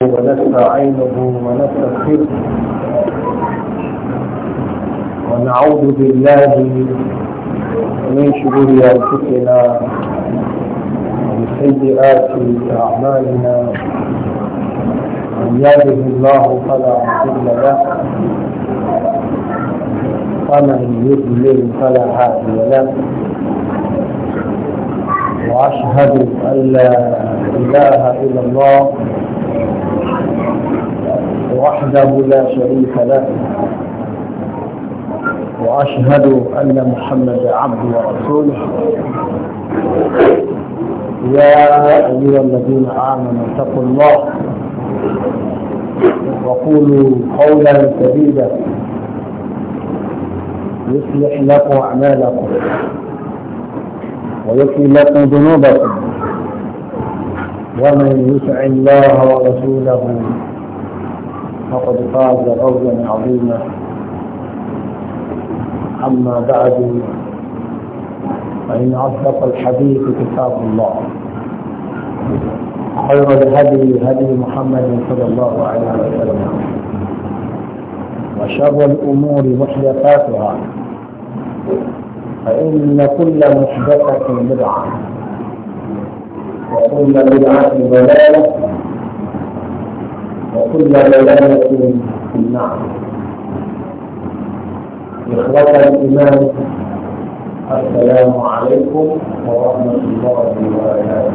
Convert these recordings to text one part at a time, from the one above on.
ونستعينه ونستغفره ونعوذ بالله من شرور انفسنا ومن سيئات اعمالنا من يهده الله فلا مضل له ومن يضلل فلا هادي له واشهد ان لا اله الا الله وحده لا شريك له وأشهد أن محمد عبده ورسوله يا أيها الذين آمنوا اتقوا الله وقولوا قولا سديدا يصلح لكم أعمالكم ويكفي لكم ذنوبكم ومن يطع الله ورسوله فقد فاز فوزا عظيما أما بعد فإن أصدق الحديث كتاب الله خير الهدي هدي محمد صلى الله عليه وسلم وشر الأمور محدثاتها فإن كل محدثة بدعة وكل بدعة ضلالة وكل ضلالة في النار إخوة الإيمان السلام عليكم ورحمة الله وبركاته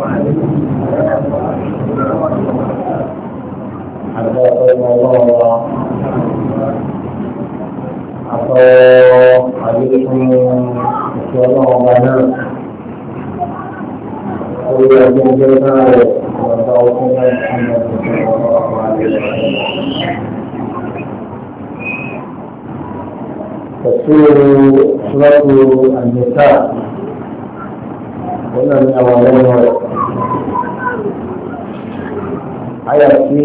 وعليكم السلام ورحمة الله وبركاته حفظكم الله atau hadis insyaallah mana kuliah yang kita atau kuliah yang تسير صلاة النساء قلنا من أولين ورد في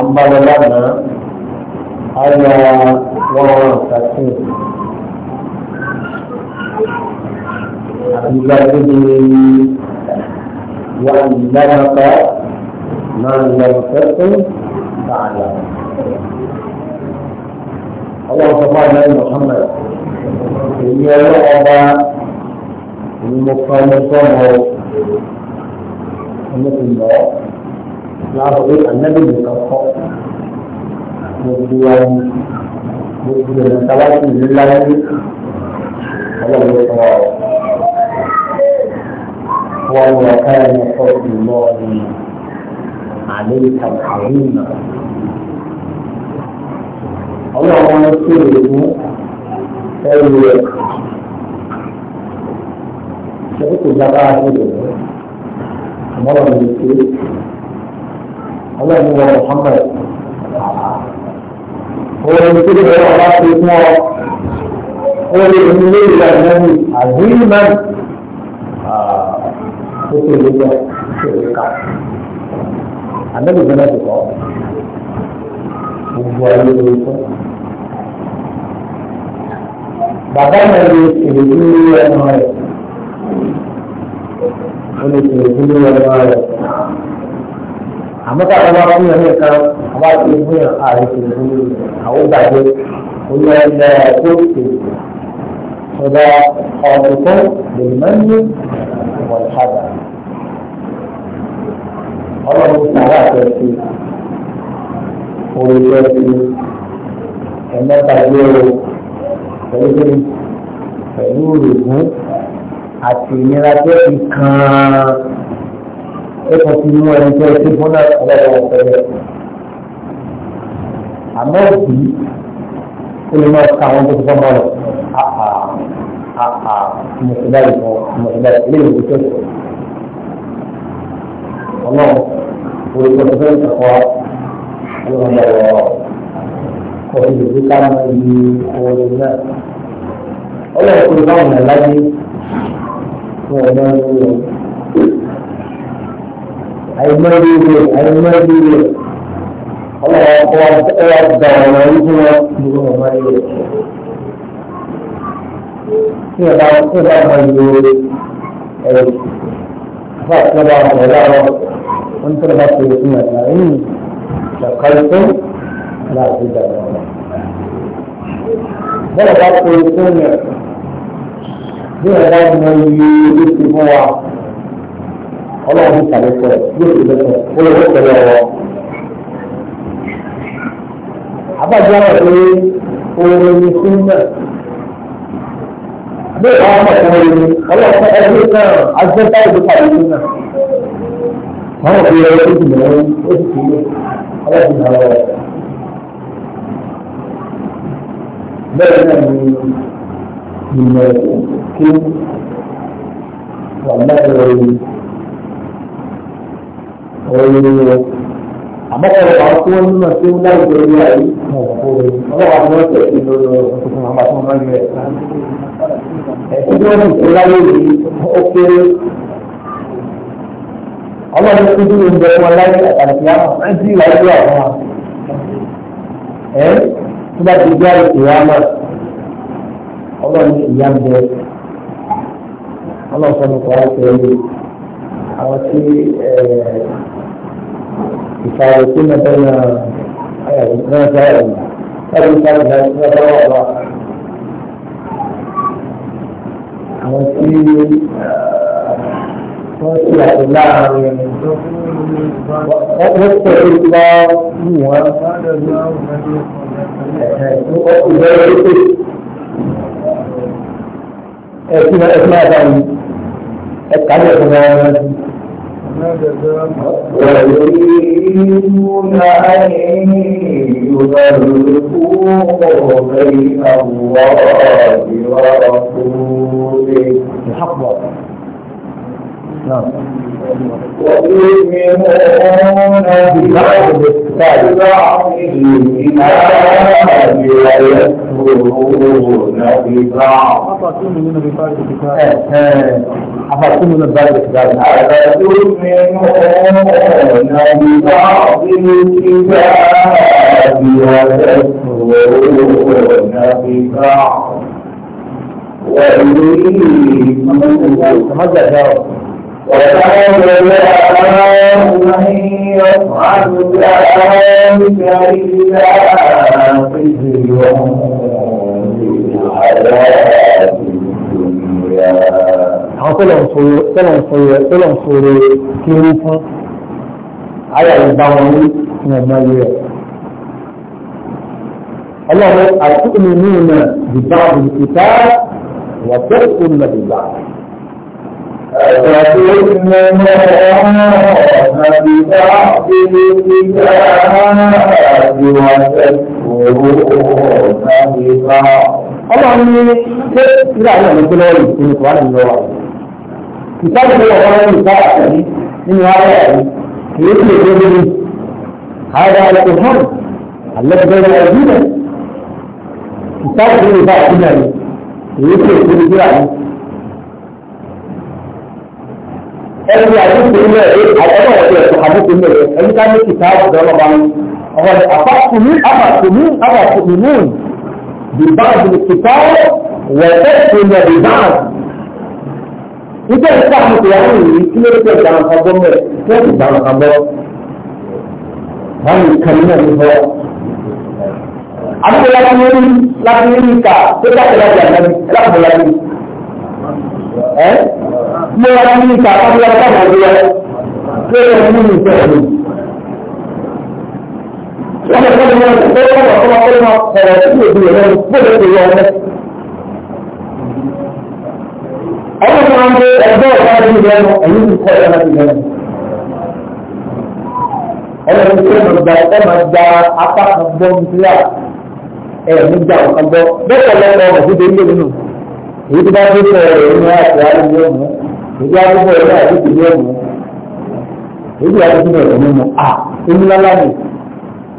أمبا لبنا آية ورسكين إذا كنت وأن لم تكن ما لم تكن تعالى اللهم صل على محمد èyí ọlọ́wọ́ bá ìmọ̀kànlẹ́sọ̀mọ́ ọmọkùnlọ́ láàbọ̀ pé ànábì nìkan kọ́ gbogbo ayé gbogbo ẹ̀rọ tábàtì níláyé ọlọ́wọ́ sọ wà wọ́n wọ́n ká ẹ̀mọ́kọ́ ìlú ọ̀rìn. عليك العظيمة الله اغفر لي سيئك شفت الجماعة مرة من الكيس اللهم هو محمد هو يمكن أن الله في اسمه هو يمكن أن عظيما آه. شكرا لله شكرا ànábì gbọ́dọ̀ ti kọ́ gbogbo ayé ló kọ́. bàbá náà lè tèrè lórí ọmọ rẹ̀ ó lè tèrè lórí ọmọ rẹ̀ àmọ́ tá a bá fún yẹn nìkan a bá ti fún yẹn ààrẹ tèrè lórí àwọn gbàgbé olú ẹgbẹ́ tó tèrè ọ̀dà ọ̀dùnkún lè mẹ́rin wọ̀lẹ́hàdà ọlọ́run sàrà àtẹ̀sí orí tẹ̀sí ẹ̀mẹ́ta yẹ o pẹ̀lú pẹ̀lú òrògùn àti ìnira tó ti kàn án ẹ̀kọ́ ti mú ẹni tó ti fún náà ọlọ́run pẹ̀lú àmọ́ òbí ó lè máa ka àwọn tó ti fọ́n lọ àà àà mùsùlùmí mùsùlùmí ilé ìwòsàn ọlọ́run orúkọ tó fẹ́ kọ́ ọlọ́run lọ́wọ́ kọ́ ìlú ká mọ iye orin náà ọlọ́run tó bá wọn láyé fún ọmọ ẹni rẹ àìmọ́lé rẹ àìmọ́lé rẹ ọlọ́run kọ́ wa gba ọ̀nà orí fún wọn ní ọmọ ẹni rẹ tí ọba tí ọba máa yọ ẹ̀rọ. فأطلبها وغيرها وانطلبت في سنة إن شقيتم لا تدعوا ضربت في سنة بغير من يتبعها ọlọ́run ní ìsàlẹ̀ sọ̀rọ̀ yóò ti bẹ̀rẹ̀ olówó pẹ̀lú ọ̀rọ̀. àbájá rẹ̀ pé orin ní sínú bí ìwà ọmọkùnrin ni ọlọ́pàá ẹgbẹ́ náà agbẹ́ta ìdíkà ìlú náà wọ́n fi ẹ̀rọ tó dùn lọ́wọ́ ó sì kú ọlọ́pàá náà lọ́wọ́ bẹ́ẹ̀ náà ni ìmọ̀ kí wà láàrin ọ̀rọ̀ àmọ́ ọ̀rọ̀ àwọn tí wọ́n nímọ̀ tí ó láwùjọ orí ayé ọlọ́wà ni wọ́n tẹ̀ sí lórí ọ̀tún àwọn àti ọmọ rẹ̀. ẹ̀sìn tí wọ́n sì ti láyé yìí ó kéré ọlọ́run tó dúró ń bẹ wọn láyé àtàlùkì àmọ́ ẹ̀ ń tí ìwà ìlú àwọn wa. ẹ̀ tó bá ti gbá ìwà náà ọlọ́run ìyá ń bẹ ọlọ́run sọ nípa ọ̀sẹ̀ yìí àwọn tí ẹ̀ẹ́ يفارقون بين ما جاءهم هذا مثال هذا àwọn tí wọ́n ti àti láàrin wọ́n tẹ̀lé lọ mú wọn. ìbẹ̀rẹ̀ wípé ẹ̀sìn ẹ̀sìn àbáyé ẹ̀ka lè fún wọn rántí. ويريدون أن يفرقوا بين الله ورسوله نعم ويؤمنون بالبعض الإيمان ويكفرون ببعض أفتؤمنون ببعض الكتاب أفتؤمنون ببعض الكتاب أفتؤمنون ببعض الكتاب ويكفرون ببعض وإليه تمزق يا رب وتولى من يفعل ذلك إلا خزي àwọn tó lọ́n sọ̀rọ̀ tó lọ́n sọ̀rọ̀ tó lọ́n sọ̀rọ̀ kí ó fún ayé ìgbà wọn ní ọmọ ilé rẹ̀. ọlọ́run àti ìmìnira ìgbà òkúta wà tó kún náà ìgbà. أتتمنا ببعض الكتاب وتكفرون ببعض Ọlọ́run ní ṣé ìlú àwọn ọmọ ìgbélé ọ̀rọ̀ ìsinmi tó wà nínú ọ̀rọ̀ rẹ̀. Ìsáàbù tó wọ̀ wọ́n ní ìsáàbù àtẹ̀lé nínú ara rẹ̀ kìí ṣe èdè lórí. Ààrẹ àlùkò hàn àlẹ́gbẹ̀rẹ̀ ọ̀dúnrẹ̀. Ìsáàbù tó wọ̀ bá àtúnyẹ̀ rẹ̀ kìí ṣe èdè lórí ẹni àdúgbò ilẹ̀ àtọ́nà ọ̀dẹ̀ ẹ̀sùn àdúgbò ilẹ̀ ẹni ká ní kìtà ọ̀dọ́lọ́ba ọ̀rọ̀ ni àbàkùnmí àbàkùnmí àbàkùnmí mún bìbáàbì kìtà wẹ̀ẹ́fẹ́ ìpínlẹ̀ bìbáàbì. Ibẹ̀ ń sáà ní ìyàwó yìí kí ló dé ìgbà nǹkan bọ́ mẹ́ẹ̀ kí ó ìgbà nǹkan bọ́. Wọ́n ní kàmí náà ní bọ́. Àbúrò láti rí láti rí ìka tó dákẹ́ láti àgbà ẹ́ eh? mo wá ní ìta kábíyá kábíyá bíyá pé ó ní ìfẹ́ mi. wọ́n lè fẹ́ẹ́ lọ sí ọ̀rọ̀ tó máa fẹ́ẹ́ máa sọ̀rọ̀ sí òbí rẹ̀ lọ́wọ́ bó lè ṣe yọ ọ́ ọmọ tó máa ń gbé ẹgbẹ́ ọ̀gá ẹ̀yìn ìlẹ́nu ẹ̀yìn ìkọ́ ẹ̀yìn láti lẹ́nu ọmọ tó ṣe máa gba ẹ̀ máa gba apá kan gbọ́ nítorí à ẹ̀ nígbà kan gbọ́ bẹ́ẹ̀ lọ́wọ́ ọ̀gá èyí tó bá tó sọ ọ̀rọ̀ ní àti àdúgbò mú èyí tó bá tó sọ ọ̀rọ̀ ní àti ìdílé mú èyí tó bá tó sọ ọ̀rọ̀ mímu à omi lálá mi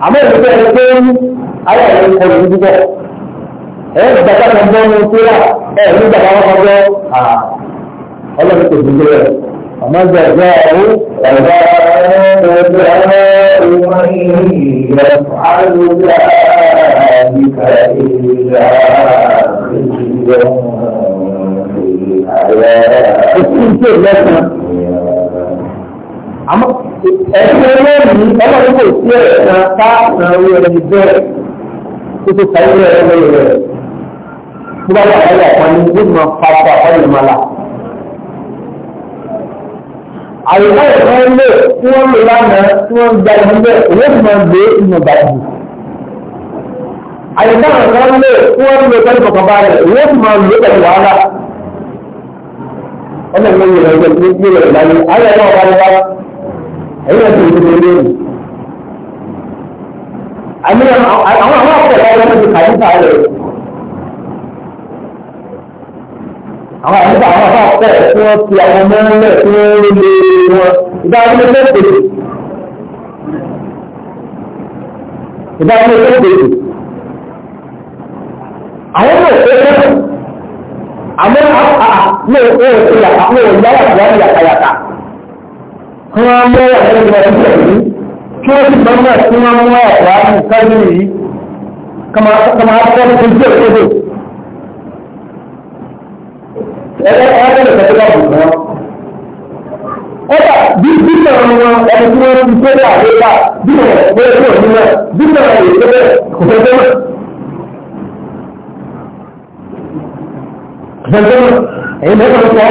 àmọ́ èyí tó yẹ pé ayé àwọn ọkọ yìí dúpọ̀ ẹ̀yẹ́ ti bàtà kan bọ́ ní kúrà ẹ̀ ní bàbá wọn kọjọ́ ọlọ́run kò dúró rẹ̀. فجزاءه جزاء من يفعل ذلك إلا خزي في الحياة àmọ́ ẹgbẹ́ lónìí ọlọ́run kò sí ẹ̀sán táàkùn orí ẹni bẹ́ẹ̀ tó tó sáré ẹ̀rọ lórí rẹ̀ tó bá wà láyé àpọ́nlé yóò máa fa ọkọ̀ àpọ́nlé máa là àyẹ̀wò ìfẹ́ lè tí wọ́n lò lánàá tí wọ́n gba ìlú bẹ́ẹ̀ owó tí wọ́n gbé inú ìbàdí. àyẹ̀wò ìfẹ́ lè tí wọ́n lò pẹ̀lú kọ̀ọ̀kan bá rẹ̀ owó tí wọ́n lò pẹ̀lú wàhálà. ọmọ ìlú yìí lọ sí ilé ìlànà ayé ọwọ́ wa wá ẹ̀yìn ẹ̀sìn ìlú ilé ìlú. àmì àwọn àwọn ọ̀pọ̀ ọ̀pọ̀ ọ̀pọ̀ àwọn àgbà àwọn bá pẹ̀ tí wọ́n fi àwọn mẹ́rẹ́lẹ̀ tí wọ́n ń lè wọn ìdájọ́ lẹ́gbẹ̀ẹ́ ìdájọ́ lẹ́gbẹ̀ẹ́ àwọn ọmọ òṣèré àmọ́ àwọn òṣèré àwọn òyàwó àti yàkàyàkà kí wọ́n mú ọ̀rọ̀ ẹgbẹ̀rẹ̀ ìgbẹ̀rẹ̀ yìí kí wọ́n sì bá mọ̀ sí wọn mú ọ̀rọ̀ àti ìsájú yìí kama kama kọ́ ẹgbẹ́ ìfẹ́tẹ́lá bùn wọn. Kọ́dà bí bímọ wọn ẹni tí wọ́n ti gbé wà lébà bímọ ẹgbẹ́ ìwọ̀n nílẹ̀ bímọ ìgbẹ́ kòtẹ́tẹ́ náà. Kòtẹ́tẹ́ náà èyí lẹ́kọ̀ọ́ sọ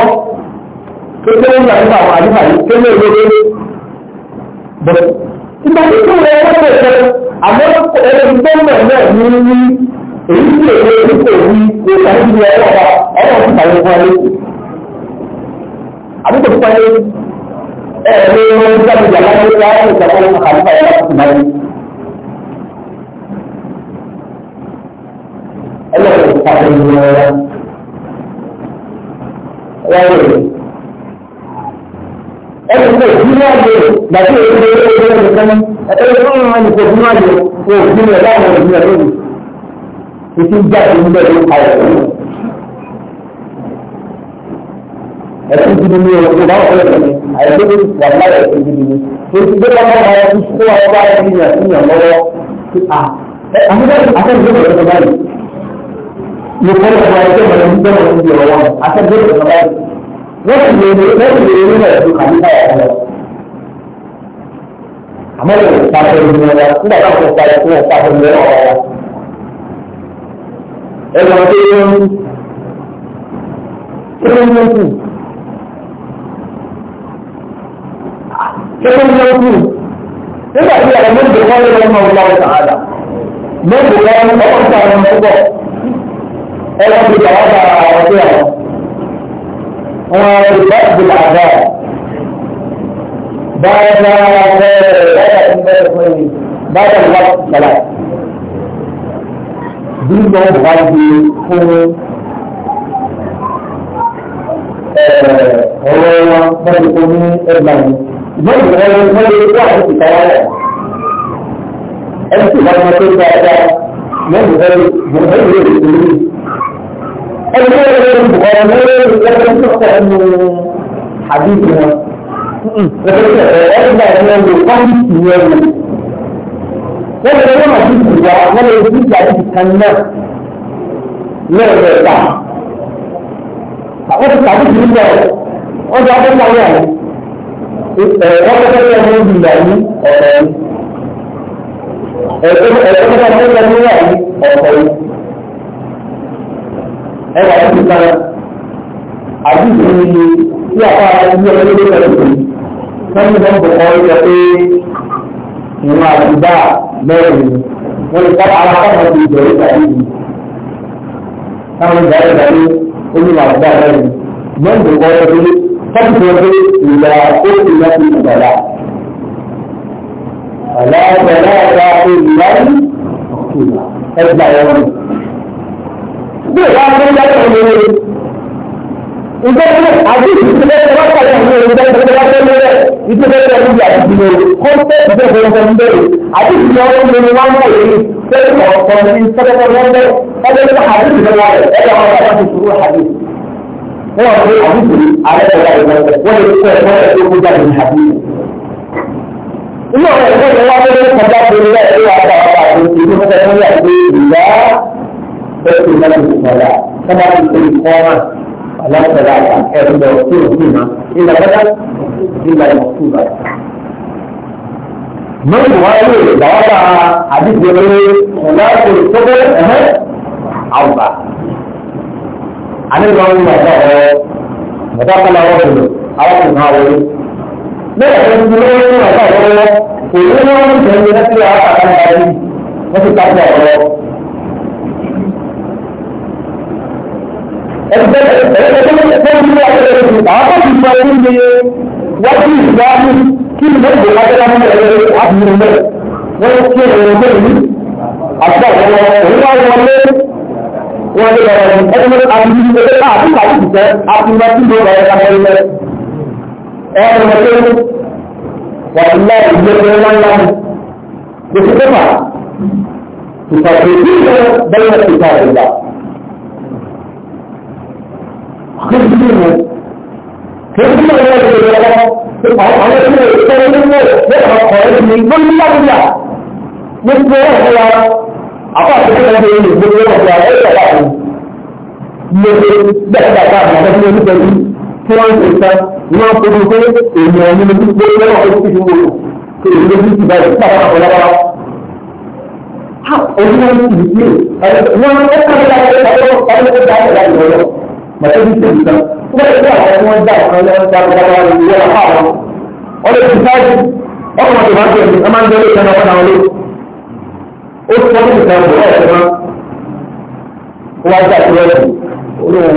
kékeré ń gbà nípa àwọn àdúgbà yìí kékeré ìwé Ìgbà tí kò rẹ̀ ẹgbẹ́ ìfẹ́ àmọ́ ẹgbẹ́ ìgbẹ́ náà náà ní èyí tí èdè tí kò rí kó sáré ju ọwọ́ ọba ọwọ́ ti sáré fún ayé àbúkò tó sáré ẹ ẹ ní wọn ń jáde jàmbá ní wọn á ní ìjàmbá ní àlùfáà yẹn láti máa yí. ẹlẹ́yìn tó sáré ju ọwọ́ ọba wọ́n rè ẹni tó bí wọn lè gbàgbé ìwé ìwé ìwé ìwé ìwé ìwé ìwé ìwé ìwé ìwé ìwé ìwé ìwé ìwé ìwé ìwé ìwé ìwé ìwé títí jáde ń bẹ̀rù àìsàn. ẹ̀sìn gidi ni o bá wọlé ẹ̀sìn àìsàn ní wà láyé ẹ̀sìn gidi ni o ti gbé wọn lọ́wọ́ ẹ̀sìn kó wọn bá ẹ̀sìn yàn sí yàn lọ́wọ́ sí à ẹ̀ àtúntò àtẹ̀jọ́ bẹ̀rẹ̀ tó báyìí ní kọ́ ló wà ẹ̀jẹ̀ bẹ̀rẹ̀ tó bẹ̀rẹ̀ tó bẹ̀rẹ̀ wọn àtẹ̀jọ́ bẹ̀rẹ̀ tó báyìí lọ́sì lè ní lọ́sì lè ní lọ́sì tó kàmí báyà lọ. àmọ́ ìgbà tó ń bẹ̀rẹ̀ nígbà tó ẹ̀rọ tó yẹ ń kí ló ń kù kí yẹ kù nígbà tí àwọn méjì wọn lè lọ́mọ ọ̀gá ọ̀gá àdá méjì wọn ọ̀gá ọ̀gá àwọn púpọ̀ ẹ̀rọ ti bàbá bá àwọn tó yàrá wọn ti bá ti bàbá báyọ̀ náà wọ́n ẹ̀rọ ẹ̀rọ ẹ̀rọ ẹ̀rọ ẹ̀rọ ẹ̀rọ ẹ̀rọ bíbọ̀ wá di fún ọ̀rọ̀ wọn lọ́dún tó ní ẹgbà mi. Ìgbọ́n ìgbà wọn ló lè wá àwọn ìtawà rẹ̀. Ẹ̀sìn bá wọn tó dáadáa lẹ́yìn ìgbọ́n ìgbà wọn lè tó ní. Ẹni tó lè lè bọ̀ ọ́ lórí ìgbọ́n tó kọ̀ ọ́ nù àbí ìgbìmọ̀. Ẹ̀sìn bá wọn lè wá ní ìyẹn wọ́n lè wọ́n máa dìbò wá wọ́n lè fi ìgbà yìí kan náà lẹ́ẹ̀mẹ́ta. àwọn ti tàbí kìí lọ wọ́n ti akọ́kọ́ wọ̀ ẹ̀rọ kọ́kọ́ lọ ní ìgbà yìí ọ̀rọ̀ yìí. ẹ̀rọ kọ́kọ́ lọ ní ìgbà yìí ọ̀rọ̀ yìí. ẹ̀rọ àti ìgbà àti ìgbà yìí tí a bá ẹgbẹ́ ẹgbẹ́ ẹgbẹ́ ẹgbẹ́ ẹgbẹ́ ẹgbẹ́ ẹgbẹ́ ẹgbẹ́ ìwọ̀n àti bá mẹ́rin wọ́n lè kọ́ ara kọ́kọ́ ti ìbẹ̀rẹ̀ tàbí ìlú. Táwọn ìgbà yẹn dàbí onímọ̀ àti bá mẹ́rin. Mẹ́rin kò kọ́ ọdún tọ́jú tó dé ìlà tó ìlà tó ìbàlá. Àlá ìbàlá àgbà ìlà ìlà ẹgbà ẹ̀rọ. Bí ìwà tó ń dájọ́ ìlú ìgbésí àdìsí ìgbésí wọn kàlẹ́ ní ìlú ìgbésí wọn kàlẹ́ ní ìlú ìgbésí wọn níbi àdìsí ní ìlú kọ́ńté ìgbésí wọn kàlẹ́ ní ìlú àdìsí ní ọdún ní ìlú ní sẹ́yìn ọ̀kan ní sẹ́yìn ọ̀kan ní ọdún ní àdìsí wọn rẹ̀ ẹ̀dá wọn kàlẹ́ ní ìlú wọn kàlẹ́ ní kọjá pé alágbèrè ẹ̀rọ tí o ní ma ilẹ̀ bàbá ilẹ̀ ìmọ̀tò bá. Mọ́tò wá lè dáwọ́ta àdìsẹ́ pé ọ̀làkùn ìfọ́fẹ́ ẹ̀hẹ́ àwùbá. Àníbi wọn wúlò ọ̀dọ́ ọ̀rọ̀ mọ̀tà kọ́lá wọ́n lò alákùn náà wọlé. Bẹ́ẹ̀ ni ìdílé wọn wúlò ọ̀dọ́ ọ̀rọ̀ kò ní wọ́n ń tẹ̀lé lẹ́sẹ̀ àwọn àkàkọ́ ẹgbẹ́ ẹgbẹ́ tó ń bọ̀ nínú àgbẹ̀rẹ̀ rẹ̀ àwọn tó ti sọ orí mi wájú ìgbàlú kí ni wọ́n ti wájú láwọn ẹ̀rẹ́ àbúrò mẹ́ wọ́n ti ṣe ẹ̀rọ mẹ́ mi àti àwọn òwúrọ̀ wọlé wọ́n lé ọ̀rọ̀ ẹgbẹ́ àbúrò mẹ́ àti àti ìfẹ́ àti ìfẹ́ tí ó rọrọ̀ ẹgbẹ́ mẹ́ ẹ̀rọ mẹ́ wà lọ́ ìgbẹ́gbẹ́ ńláńlá mi kò sí pépà ìfàkùn ìgbẹ́ bẹ́ẹ̀ ìfàkùn ìgbà ìwò kí ó túnmọ̀ ìwọ̀n ìwọ̀n ìwọ̀n àwọn tí ó tó ń mú lọ́wọ́ ọ̀rẹ́ mi ló ní lábúlà ní ti wọ́n fún wa àpá àtúntò náà ti rí ìgbésẹ̀ wọn fún wa ó yẹ wà fún mi lè bẹ́ẹ̀ bá bá àwọn ọmọdé ní pẹ̀lú tí wọ́n ń ṣe tán ní wọ́n fojú pé èèyàn ní ní gbé lọ́wọ́ ó ti fi wò kí èèyàn ní ti báyìí nígbà wọn àpọ̀ lọ́wọ́ onímọ̀ ní ìdílé wọn ó kọ́ wọ́n ti àwọn tí wọ́n dá ọ̀kan lọ́wọ́ dáadáa lórí ìwé ọ̀pá àwọn ọ̀rẹ́ ti sáájú ọkùnrin tó bá ń tẹ̀lé ẹ máa ń jẹ́ lóṣù ẹ̀nà ọ̀nà ọ̀lẹ́ ó ti sọ fún ìtàn ìwé ẹ̀sẹ̀ máa ó wá dá ìwé ẹ̀sẹ̀ olóhùn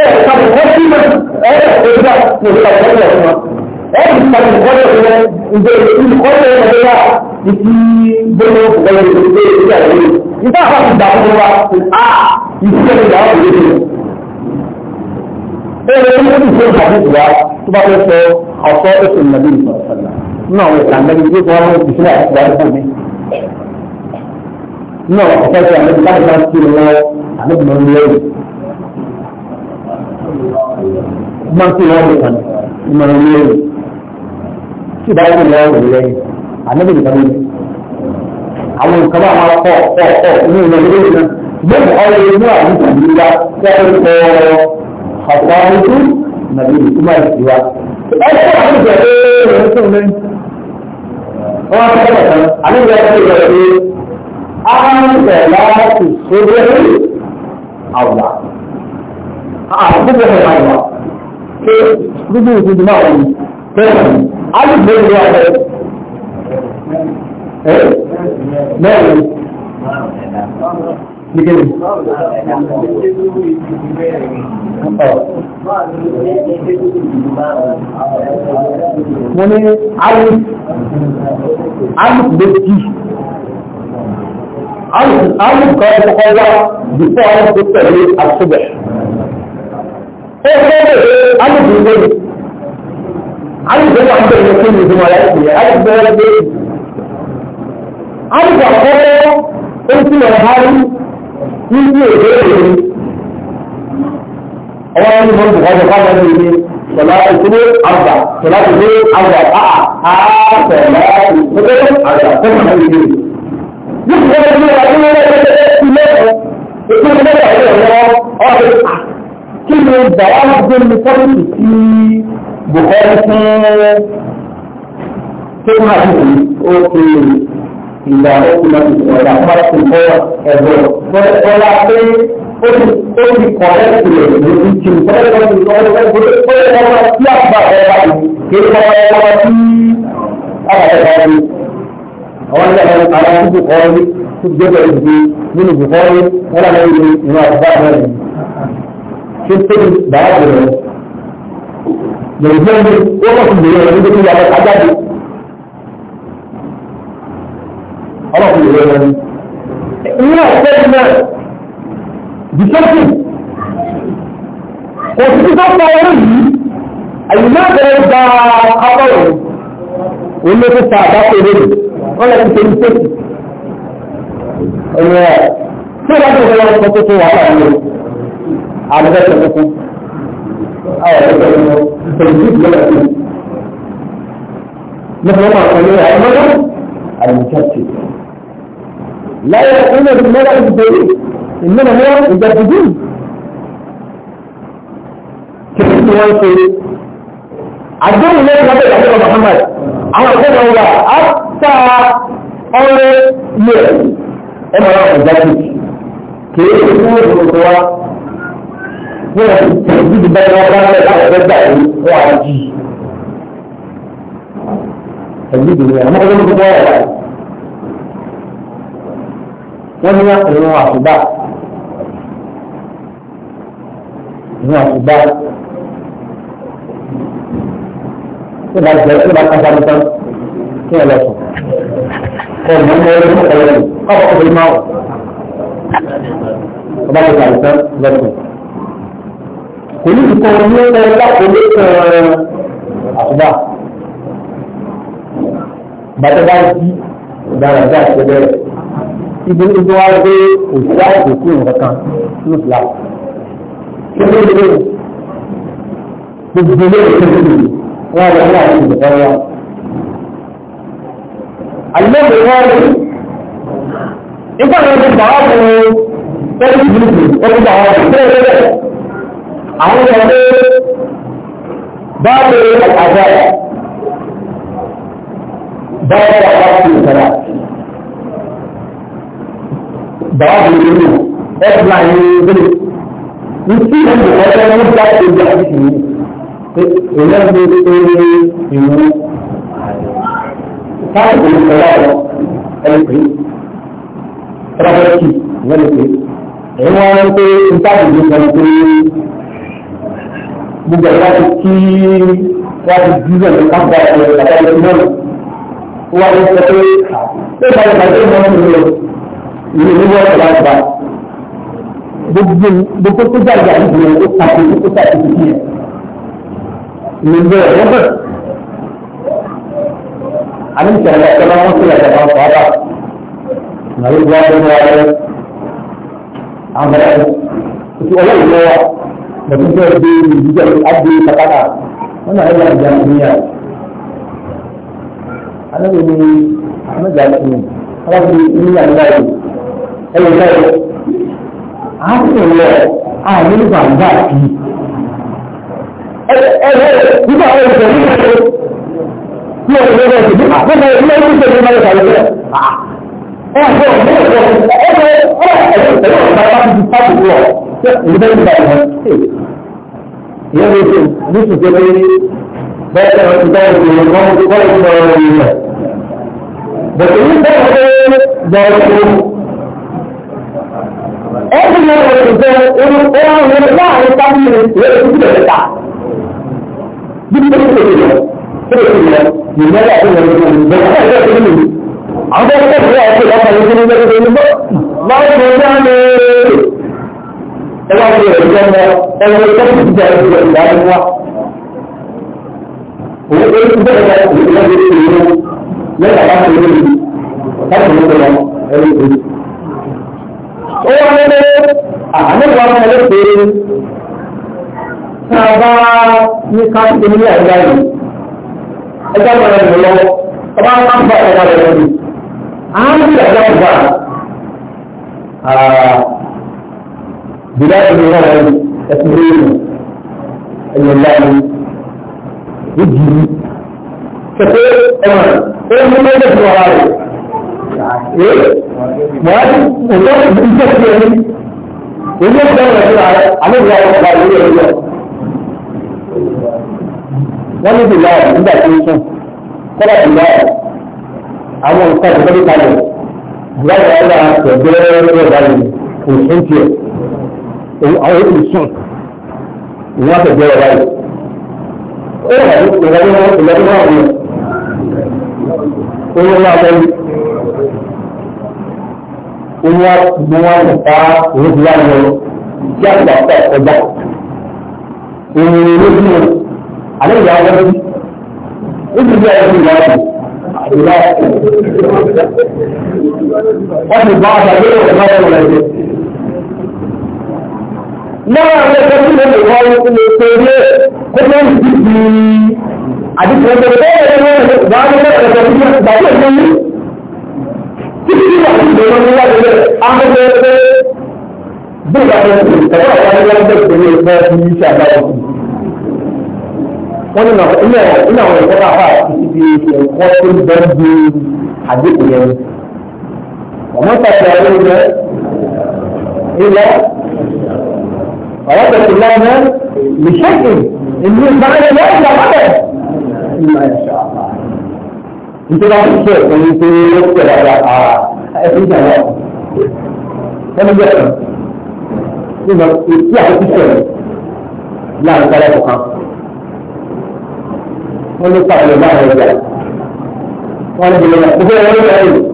ẹ pàtó wọ́n sí mọ́ ẹ ẹgbẹ́ ní ìpàdé ọ̀rọ̀ wọn ẹ ti pàtó ìkọ́lẹ̀ rẹ ǹjẹ́ ìkọ́lẹ̀ rẹ wà ní ti gbọ́dọ̀ ọ̀gbọ́n rẹ ní ìgbé ìgbé àgbẹ̀ rẹ nígbà àpá ti dà fún wa a ìṣe ìyá ọ̀gbọ̀n rẹ. ẹ ẹ ní ìṣe ìpàdé ìwà tó máa ń pè lọ́wọ́ kan ìmọ̀ràn lẹ́yìn tí ìdájọ́ ìlú ọ̀rọ̀ lẹ́yìn ànábì nìkan lẹ́yìn àwọn nǹkan bá máa pọ̀ pọ̀ pọ̀ ní ìlú ọ̀rọ̀ lẹ́yìn náà bẹ́ẹ̀ ọ̀rọ̀ inú àdúgbò yìí wá kẹ́rin pọ̀ ọ̀pọ̀ ọ̀rọ̀ nàbí ìtumọ̀ ìsìn wa. ọ̀pọ̀ àwọn ìjọ ẹ̀rọ ẹ̀sùn lẹ́yìn wọ́n á fẹ́ ọ̀sán àlejò ẹ̀sùn ìjọ ẹ̀rọ àwọn ìjọ ẹ̀rọ láti ṣe àkókò ẹ̀ máa yọ. Ṣé gbogbo ìṣèjì máa wọ̀nyí? Bẹ́ẹ̀ ni, a lè gbé ìlú ọ̀rẹ́. Ẹ bẹ́ẹ̀ ni. Nígbè mi. Mo ní alif alif méjì alif alif kan kọ́kọ́ wá bífọ́ alif tó tẹ̀lé àtúbẹ̀. أنا بيجي أنا بيجي عند المسلم زملائي أنا بيجي أنا بقول أنت يا هاري يجي يجي ọwọ́ ní mọ́tò wájú fáwọn ẹni ní sọlá ìṣúlé àgbà sọlá ìṣúlé àgbà àà àà sọlá ìṣúlé àgbà fẹ́ràn ẹni ní. Yóò fi wọ́n ní ọ̀rọ̀ ní ọ̀rọ̀ ilé ẹ̀kọ́ ilé ẹ̀kọ́ ìṣúlé ọ̀rọ̀ ẹ̀rọ ọ̀rọ̀ kí ni bàbá gbé ní pọ́lìsì tí bùkọ́lì fún tó máa ń fi ó fi ìgbà ọkùnrin láti fi ọ̀dà fún láti bọ́ ẹ̀bọ̀ bọ́lá pé ó ti kọ̀ọ̀lẹ́sì rẹ̀ lórí tí ó fẹ́ lọ́wọ́ sí ọ̀dọ́ ẹgbẹ́ ọmọ tí a gbà ẹ̀rọ yìí kí ó kọ́ ọmọ tí a gbà ẹ̀rọ yìí. àwọn ilé ẹ̀rọ àwọn tó bùkọ́lì tó gbẹ́bẹ̀ẹ́ ìdí nínú bùkọ́lì wọ́n làwọn ìlú tó tóbi bàbá jù lọ. Yorùbá ni ó kọ̀ sí ìgbéyàwó ní gbogbo ìyàwó ajáde. Ọlọ́kùn ìwé wọn. Ní ọ̀pẹ́ náà, dìtẹ́kì, kò sí tó pa owó yìí, àyè náà bẹ̀rẹ̀ gba apá òun. Òun ló ti fa àbáfẹ́ lónìí, wọ́n lọ sí Ọ̀rọ̀ tí ó bá tó lọ sọ tó tó على ذلك لكم آه، مثل ما قالوا عمر المكتب لا يقولون بالملأ البعيد إنما هو يجددون كيف يوصل عدوني الناس ما بيحكوا محمد على كل هو أكثر أول يوم أمر الله كيف يقول ní ọ̀sẹ̀ tẹ̀sí ti bẹ́ẹ̀ wọ́n bá ń bẹ̀ láwọn ẹgbẹ́ gbà yìí wọ́n á jì í. ẹ̀yí ìdìbò yẹn ọmọdé ló gbọ́ ọ̀rọ̀ wọ́n ní ìrún àṣùbà ìrún àṣùbà tí ìbá jẹ́ tí ìbá kájà nìkan kí ẹ lọ sùn kọ́ ọ̀nà ọmọ ẹgbẹ́ ọ̀rọ̀ yìí kọ́ ọ̀pọ̀ ọ̀pọ̀ ìmáwọ̀ ọba tó kà nìkan lọ sùn kò ní ìkan ní ọ̀rọ̀ láti ilé kan àtúbà bàtà bá jí ìdára dá ìṣe bẹ́ẹ̀ ibi ibi wá gbé òṣì àìsè sí nǹkan kan ní ìlà kí ló dé gbogbo ilé ìṣe ìṣe wọn lọ ní àti ìṣe kan wá. àlejò wọn rí nígbà tó ti gbà wá fún un tẹ́lifíṣì ó ti gbà wá fún un tẹ́lifíṣì àwọn ọmọ pé báwo ni àgbà báwo ni àgbà ti ìsọ̀rọ̀ báwo ni ìlú ẹ̀fúnà ní ìlú ìtí ìlú ọjọ́ ní ìjà ìjà ìlú èyí ń gbé orí ìlú káàkiri ìsọ̀rọ̀ ẹni pé ọlọ́pàá kì í lẹ́nu pé èyí wọ́n ń pé ìtàkùn ìjọba pé gbogbo ẹ̀ láti kí láti dúró ní kápá ẹ̀ bàbá ẹ̀ náà wọ́n wá ní sọ pé pé báyìí bàbá ẹ̀ náà ń lò ìlú ìlú ọ̀sẹ̀ láti bá gbogbo gbogbo tó jáde àdúgbò ẹ̀ tó pàṣẹ tó pàṣẹ tó kí ẹ̀ nígbà ẹ̀ wọ́n bẹ̀rẹ̀ àmì ìṣẹ̀lẹ̀ ẹ̀kọ́ wọn sì lẹ̀ wọn sọ̀rọ̀ nàlẹ́ ìgbà wọn bẹ̀rẹ̀ àwọn bẹ̀rẹ̀ ọlọ́run lọ́wọ́ mutum zai bi bijar abdi fataka wannan hanya da jami'a annabi ne amma jami'i kuma su yi niyyar da yi sai ya yi a cikin yau a yi ba za a fi Nígbà wo ìṣẹ̀lẹ̀ ní ìṣẹ̀lẹ̀ ní ọ̀sẹ̀ ní ọ̀sẹ̀ nípa fún mi ní ọdún ìṣẹ̀lẹ̀ máa ń sàlẹ̀ sílẹ̀. Ẹ ẹ̀ bọ̀ ní ọ̀sẹ̀ ẹ̀ ẹ̀ ẹ̀ ẹ̀ ẹ̀ ẹ̀ ẹ̀ ẹ̀ ẹ̀ ẹ̀ ẹ̀ ẹ̀ ẹ̀ ẹ̀ ẹ̀ لبين بعضها يعني مش زي بقى الكتاب من الله وقال الله بس ايه ده ده اخر مره الانسان يقول القران يرجع للتعبير يقول كده يرجع دي بتقول كده كده كده من لا يقول الرجل بس هذا كده عايز اقول لك يا اخي الله يجزيك الله ما هو يعني ẹ bá wọlé ẹ̀jẹ̀ mọ ẹ wọlé ti dà ẹ̀jẹ̀ ìgbà ni tó ti bẹ̀rẹ̀ lọ sí tó ti lò lẹ́yìn àbá tó lè lò láti lè lọ ẹ̀rọ ìgbè. ó wá lé àmọ́gbà wọn lè pè é tá bá ní ká tó ní àyíká yìí ẹjọ́ mọ̀ ẹ̀ lọ́wọ́ ọba máa ń bá ẹ̀ka rẹ̀ lọ́wọ́. à ń بلاد الوهن تسمعين أن الله يجري كثير أمان أين من يدف وعاري إيه؟ وعاري وضعه بالكثير يعني ويجب أن يكون على على الله وعلى الله wọ́n ti lọ nígbà tí ó sùn kọ́lá ti lọ àwọn nǹkan ìgbẹ́lú kalẹ̀ ìgbà tí wọ́n bá tẹ̀gbẹ́ lọ́wọ́ báyìí kò sún tiẹ̀ àwọn ètò sùn ìwọ́n àtẹ̀jẹ́ ọ̀rá yìí. ó wà ní ìrọ̀lẹ́ wọn ìrọ̀lẹ́ wọn àwọn oyún wọn abẹ́rẹ́ oyún wọn mú wọn nípa òun ti wá lọ sí àgbà pẹ̀ ọjà. òun ni olójú wọn àlẹ́ ìyá wọn bí ó ti bí ọ̀rọ̀ ìyá wọn. Wọ́n ti bá ọ̀sán lórí ọ̀sán lọ́wọ́ rẹ̀ lọ́wọ́ àwọn ẹgbẹ́ tí mo lè wá ikú lè ṣe ilé kó tó ń di di àdìsí ọjọ́ tó yẹ kí wọ́n lè wá ní ọjọ́ tó ti di ìgbàgbọ́ ìlú yìí. títí tí wọ́n ti dèrò ní wọ́n lè amúgbé pé bí ìgbà tó ti di ìtọ́wọ́ àwọn ẹgbẹ́ tó ti di ìfẹ́ ti ní iṣẹ́ àbáwọ̀ sí. wọ́n ní àwọn ẹ̀kọ́ náà wà títí di ẹ̀kọ́ tó ń bẹ́ di àdìsí yẹn. ọ̀mọ́ta ti àwọn ẹgbẹ́ أردت الله لشيء إني فعل ذلك أبدا إلا إن شاء الله أنت لا تشيء وأنت تذكر على أكيد لا لم يكن لما يحدث الشيء لا ثلاث خمس ومن فعل الله وجل وأنا بالله بقول أنا بعيد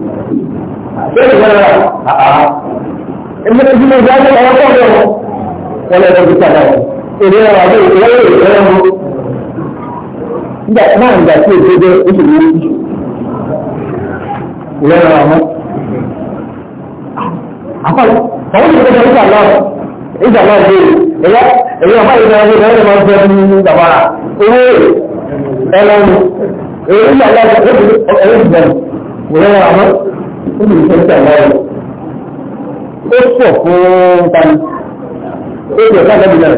كيف أنا؟ إنك تجيب ذلك أنا أقول wọ́n lọ́wọ́ ti padà wọ̀. Èdè náà wà lóye lọ́wọ́ ìrẹ́lẹ́ wọn. Nígbà náà nígbà tí èdè dé oṣù ní oṣù. Ìrẹ́lẹ́ wà mọ́. Àpàlọ́, àwọn ìṣẹ̀lẹ̀ tó ń kà Ìjà náà dé ẹ̀yà ẹ̀yà ọ̀pá ìlú ẹ̀yà ẹ̀yà máa ń fẹ́ ní ìdàbára. Owó ẹlẹ́nu. ìjà náà dé ẹ̀yà ìbẹ̀rù. Ìrẹ́lẹ́ wà mọ́ ó ti ọ̀sán lẹ́bi náà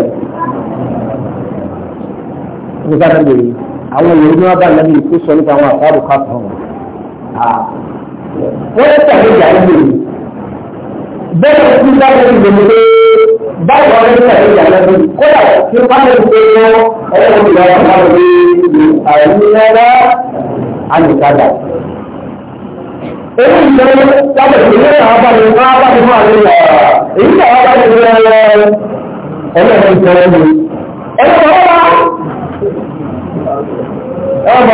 ó sá lẹ́bi rẹ̀ àwọn èèyàn ní wọ́n bá lẹ́bi kó sọ nípa àwọn àtàrò káàkiri wọn. wọ́n ti tàbí ìjà lẹ́bi rẹ̀ bẹ́ẹ̀ ni bá lẹ́bi rẹ̀ lé báyìí wọ́n ti tàbí ìjà lẹ́bi rẹ̀ kódà tí wọ́n bá lẹ́bi rẹ̀ lọ́wọ́ ọ̀rọ̀ ìgbà wọn máa ń gbé àìníyàrá àyíkáda èyí ìṣẹ́ lábẹ̀ ìṣẹ́ àbábáni àbábáni fún àlejò èyí ìṣẹ́ àbábáni fún ẹ̀rọ ẹlẹ́ẹ̀kẹ́ ìṣẹ́ ẹ̀rọ ẹ̀rọ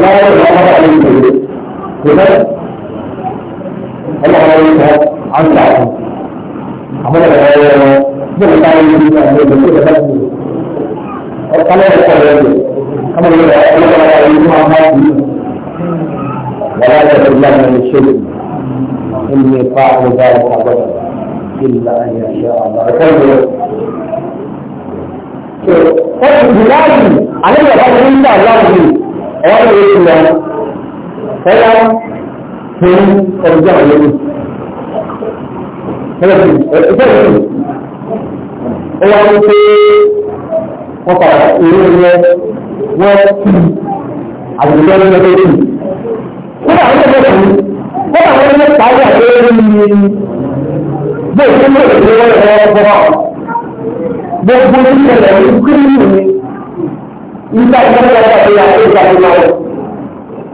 bàbá ẹ̀rọ كمان الله على وجهه عن تعبه عمل الغاية من تعبه من تعبه من تعبه كما يقول كما يقول الله على وجهه ولا تتبلغ من شيء إني فاعل ذلك غدا إلا أن يشاء الله فالبلاد عليها بعض الناس لا يجوز أو يجوز ẹ̀yà fún ọjọ́ àyẹ̀wò ẹ̀jẹ̀ ìlú ó wá ní pé wọ́n pa èrè rẹ̀ wọ́n fi àwùjọ ní ọjọ́ ìlú kódà wọ́n lè fún kódà wọ́n lè pa ọjọ́ àyẹ̀wò ní bó ṣe ń lè wọ́n lè wọ́n bọ́ gbogbo ìṣẹ̀lẹ̀ ní ìgbà ìgbà ìgbà ìgbà ìgbà ìgbà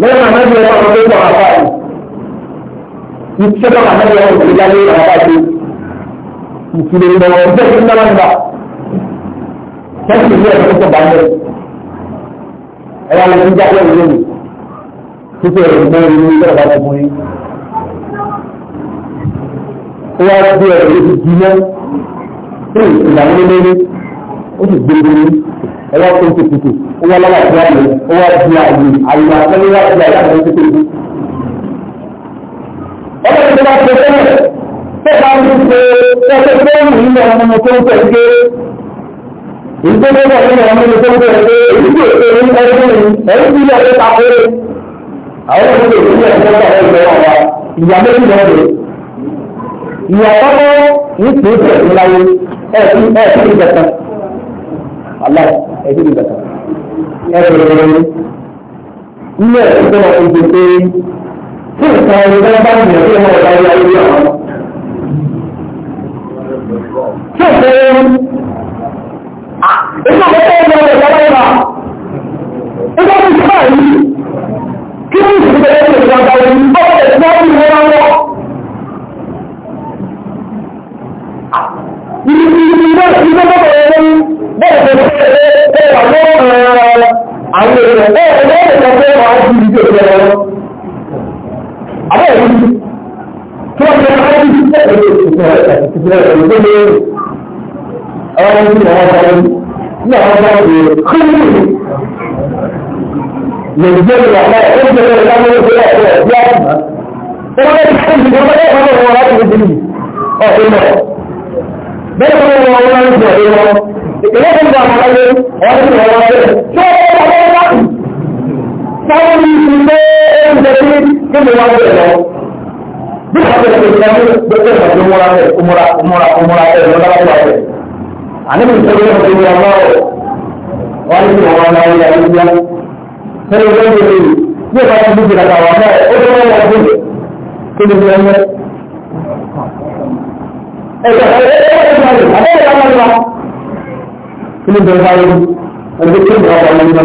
lẹ́yìn náà mẹ́rin ẹ̀rọ ọ̀rọ̀ lórí àwọn afáàlì ìṣẹ́jọ́ náà mẹ́rin ẹ̀rọ ọ̀rọ̀ lórí àwọn afáàlì ìṣẹ̀lẹ̀ ìbọ̀wọ̀ ọ̀gbẹ́ ìṣẹ̀lẹ̀ ńlá tẹ́sí ìwé ẹ̀rọ tó bá ń bẹ̀rẹ̀ ẹ̀rọ àwọn ìjà pẹ̀lú lónìí títí ẹ̀rọ ìgbọ́ orí ní ìjọba ọkùnrin ó wá bí ẹ̀rọ ìdílé tó ìgbà ó sì gbé ẹwà tó ń tètè ó wá lára ìdí àyè ó wá di àyè àyè àtẹlẹ wá di àyè àtẹlẹ tètè. ọ̀rọ̀ ìjọba ti tẹ́lẹ̀ tẹ́ bá ń ṣe ẹgbẹ́ fóònù nínú ọmọ ọmọ tó ń tẹ̀ ṣe ìgbésẹ̀ náà nínú ọmọ ọmọ tó ń tẹ̀ ṣe èyí tó ṣe ní ọdún yìí ẹ̀rí bí ilé ọdún ta pé àwọn ọmọ tó ń tẹ̀ ṣe ọgbà ọgbà ọgbà ìyá méjì náà lè ìyá kọ́kọ́ ní kìí tẹ̀ aláì ẹbí mi bàtà ẹbí mi bàtà ilé ẹ̀sìn tó wọ́n ti pé tí nǹkan ẹni tó bá ń yàn kí wọ́n bá yá ilé àwọn. tí nǹkan ẹni ìgbà tó tẹ́ ẹgbẹ́ rẹ̀ lọ́wọ́ wa ìgbà tó tẹ́ yìí kí wọ́n ti bẹ̀rẹ̀ ẹgbẹ́ ìgbà tó yìí bọ́ ẹ̀ tí wọ́n ti wọ́n wọ́ ìrìnrìn náà ti gbọ́dọ̀ bẹ̀rẹ̀ lórí bẹ́ẹ̀ tó bẹ̀rẹ̀ bẹ́ẹ̀ wà lọ́wọ́ àwọn èèyàn bẹ́ẹ̀ bẹ́ẹ̀ tó bẹ́ẹ̀ wà á ju ìdíje ìjọba lọ. Àbẹ́ bẹ́ẹ̀ ni wọ́n wọ́n ń sọ èyí wọn ìpínlẹ̀ tó ń bọ̀ àwọn ọmọdé wọ́n ti wọ́n wọ́n bẹ̀rẹ̀ tó wọ́n wọ́n wọ́n láti sáwọn ní ìlú pé oúnjẹ tí kí ni wọ́n bẹ̀rẹ̀ lọ bí wọ́n bẹ̀rẹ̀ tó ń bọ̀ gbẹ́gbẹ́ ìgbàgbé múra bẹ̀ múra múra múra bẹ̀ múra bẹ̀ àní mi sọ́dọ̀ ní ìlú ọmọ wọn ní ìlú ọmọ náà yà ní ìlú sẹ́yìn lọ́dún yìí bí ọ̀pá ti dúdú ẹ̀jẹ̀ ẹ̀jẹ̀ ẹ̀jẹ̀ ẹ̀jẹ̀ ẹ̀jẹ̀ Kini bẹ wá yé ẹgbẹ́ tí ìgbà wà lórí náà.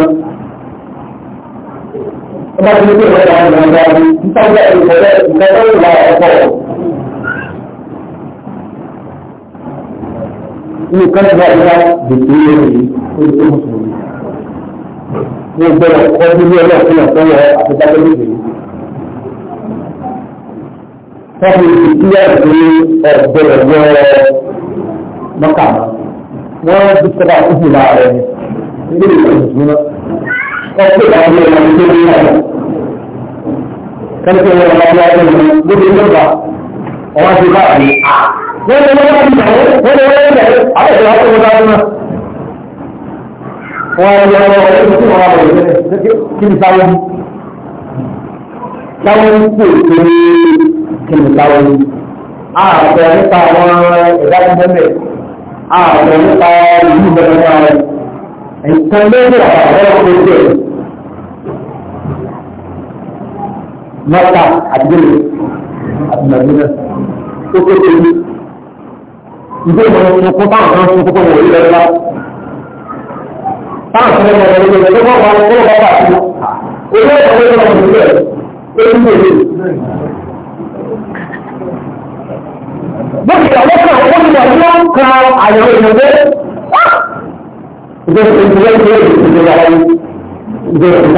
Ẹ bá ti ní ìwé ìwà ìwà ìwà ìwà nípa ìgbà ìwà ìwà ìwà ìwà ọ̀pọ̀. Ní ìkan ìwà ìwà dèké lórí olùkọ́ mùsùlùmí. Ní ìgbẹ́ ọ̀pọ̀ nílé ọlọ́ọ̀fin àtọ́wọ́ àti dábẹ́lẹ́ ìgbèríko wọ́n fi ìdílé ẹ̀sìn ọ̀gbẹ́ ọ̀gbẹ́ mọ́kà wọ́n ti sọ́dọ̀ àkókò náà rẹ̀ nílé ìgbàlódé ọ̀pọ̀ ìgbàlódé wọn ti dé náà kẹ́lẹ́kẹ́ wọn bá wọ́n wọ́n wọ́n lórí lọ́gbà ọ̀wọ́n ti bá àbí. wọ́n lè wọ́n ti bẹ̀rẹ̀ wọ́n lè wọ́n bẹ̀rẹ̀ àwọn ìgbà wọn tó wọn náà. wọ́n lè wọ́n wọ́n wọ́n ti wọ́n wọ́n bẹ̀rẹ̀ kí ni sáwọn sáwọn kò tó kí ni táwọn ní. ààbọ̀ nípa àwọn ẹ̀dá tó bẹ́ẹ̀ ààbọ̀ nípa ìlú ìbẹ̀rẹ̀ nípa rẹ̀ nǹkan lórí àbàbọ̀ tó bẹ̀ mọ́ta àdúgbò àti nàìjíríà tó tó tó ní. ìgbé ìmọ̀ ìṣòkò táwọn kan ṣe kókó wọ̀nyí lọ́wọ́ bá. táwọn kan ṣe kókó wọ̀nyí lọ́wọ́ bá kó bá bá sí. olóòtú ọ̀rẹ́ ìjọba ìbílẹ̀ ó ń bèèrè bó ti wà lọ́kàn ó ti wà tí wọ́n ka àyẹ̀wò ìdòdó ìdòdó ìdòdó ìdòdó ìdòdó ìdòdó ìdòdó ìdòdó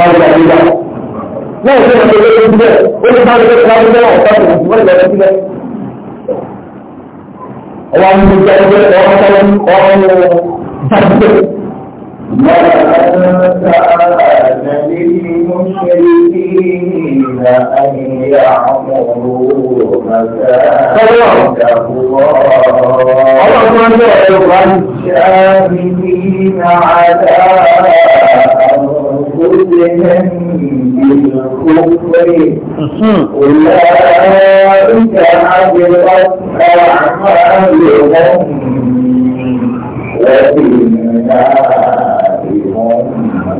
náà ṣe ń ṣe ìdílé ó ní bá ṣe ká ń bẹ́ẹ̀ ọ̀pá tó wọ́n lè lọ sílẹ̀. ọwọ́ àwọn ọmọ ìjọba للمشركين أن يعمروا شاهدين على أنفسهم بالكفر أولئك حبطت أعمالهم وفي النار هم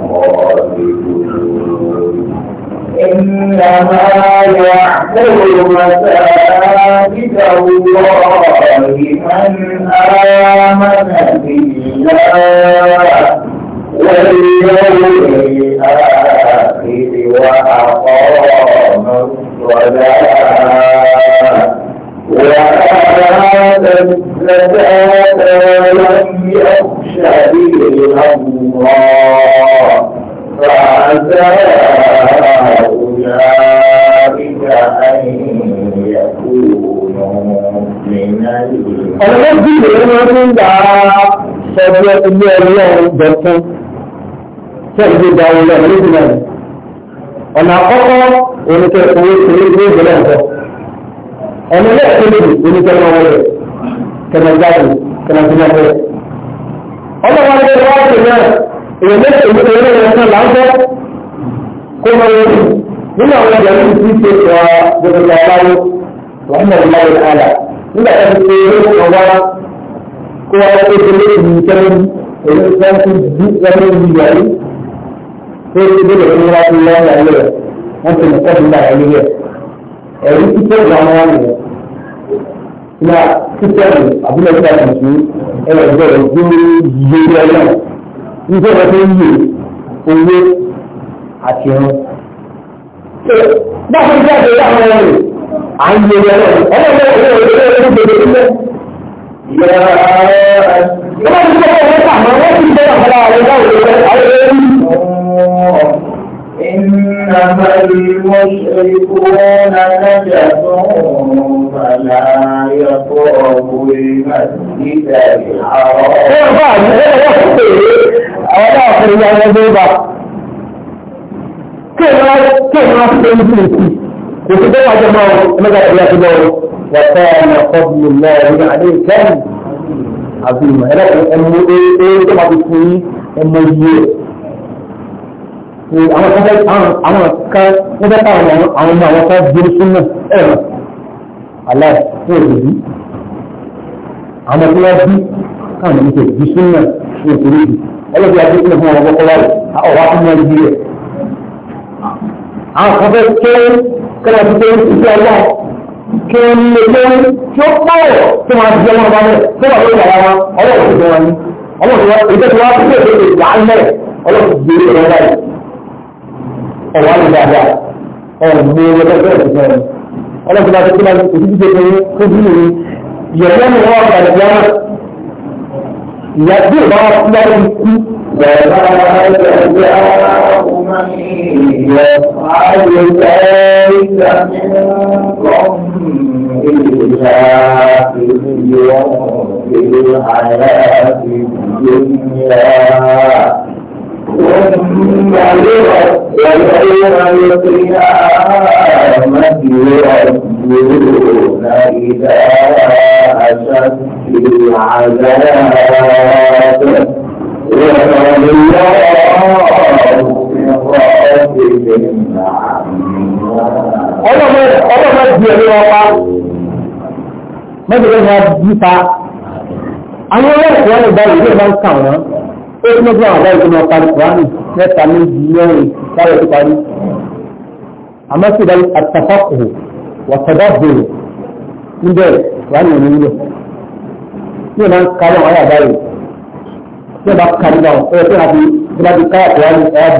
خالدون إنما يعمر مساجد الله من آمن بالله واليوم الآخر وأقام الصلاة وآتى الزكاة ولم يخش بها الله فعسى Ọ̀rọ̀ tí ìwé máa ń gbà ọjọ́ ilé ọlọ́run bẹ̀tún tẹ́lẹ̀ gba ọlọ́ orílẹ̀ rẹ̀. Ọ̀nà àkọ́kọ́ oníkẹ́ owó ìṣẹ́lẹ̀ ìgbé ìgbẹ̀lẹ̀ ọ̀tọ̀. Ọ̀nà ilé ìṣẹ́lẹ̀ oníkẹ́ ọmọ rẹ̀ kẹmẹ̀jáde kẹmẹ̀jáde. Ọlọ́wọ́ ilé ìwádìí náà èèyàn mẹ́sàn-án ìṣẹ́lẹ̀ ìṣẹ́lẹ̀ láńkọ́ kó mọ́ nínú àwọn ọjà ní ti ṣe sọ gbogbo àbáwọ wàhálà ìlànà ìlànà nígbà tó ti ṣe owó kan wá kó wá tó ṣe lórí ìtẹ́lẹ̀ èyí tó ń fi bí ẹni ìyá yìí tó ti bẹ̀rẹ̀ fún wa fún wọn náà lẹ̀ wọ́n ti nìkan nígbà wọn lé rẹ̀ ẹ̀rí tí tó wà wọn lẹ̀ na títẹ̀ àbúlé tí a kàn sí ẹ̀rọ ìbẹ̀rẹ̀ tó yé ẹ̀rọ náà nígbà tó ń yé owó àti ẹ̀rọ báwo jáde láwọn ọmọ rẹ̀ à ń yẹ ẹ̀rọ ọmọ rẹ̀ ọmọ rẹ̀ ọmọ rẹ̀ ọmọ rẹ̀ Ìjọba ti sọ pé ọ̀rẹ́ kàmọ́ wọ́n ti gbé àwọn ará rẹ̀ láwùjọ rẹ̀ àwọn ẹ̀rọ rí. إنما المشركون نجس فلا يقربوا المسجد الحرام kéèyàn kéèyàn ṣe ń bí èsì kò sí bẹ́ẹ̀ wájú máa mẹ́ta ìyá tó lọ́wọ́ wọ́pẹ́ ọmọ ọ̀pọ̀bù lọ́wọ́ adé ìkẹ́yìn àbímọ ẹlẹ́kùn ẹmu ee tó máa fi fún yín ẹmu yìí ẹ̀ àwọn kan fẹ́ àwọn kan wọ́n fẹ́ káwọn àwọn ọmọ àwọn kan bí súnmọ́ ẹ̀ rẹ̀ alẹ́ fún òbí àwọn tí wọ́n bí káwọn àwọn kan fẹ́ tó kẹ́lẹ́ ti tó iṣẹ́ ọlọ́ kí wọ́n ní ilé tó tí ó pọ̀wọ̀ tó máa jẹ́ wọn lọ́wọ́ tó wà lórí ara wọn ọlọ́run ti wọn ní ọlọ́run ìjọ tí wọ́n ti tó ìdè ọlọ́run ti gbé ìrọ̀ láì ọ̀wá ní dáadáa ọ̀run ní owó tó bẹ̀rẹ̀ sí ọ̀run ọlọ́run ti máa tó ti ti tó tó bí mi yẹ̀wọ́ mi wọ́n ọ̀gá ìyá ìyá tí ò bá من يفعل ذلك منكم إلا في الحياة الدنيا ثم يوم القيامة يردون إلى أشد العذاب وما الله ọlọ́mọ di ẹ̀rí ọpa mẹ́jọ ní a bí pa àwọn ọlọ́ọ̀kọ́ ní báyìí ilé máa ń kà wọ́n ó tún mọ́jú àwọn ọlọ́ọ̀kọ́ ní ọpa kùránì mẹ́ta méjì mẹ́rin láyé tó parí àmọ́ sí ìdájú àtàkọ́kù wàtàdá bèrè níbẹ̀ kùránì òní nílò ní ìmọ̀ ń kárí àwọn àyàbáyé tí wọ́n bá kárí náà ó yẹ kí wọ́n fi káyà kùránì ẹ̀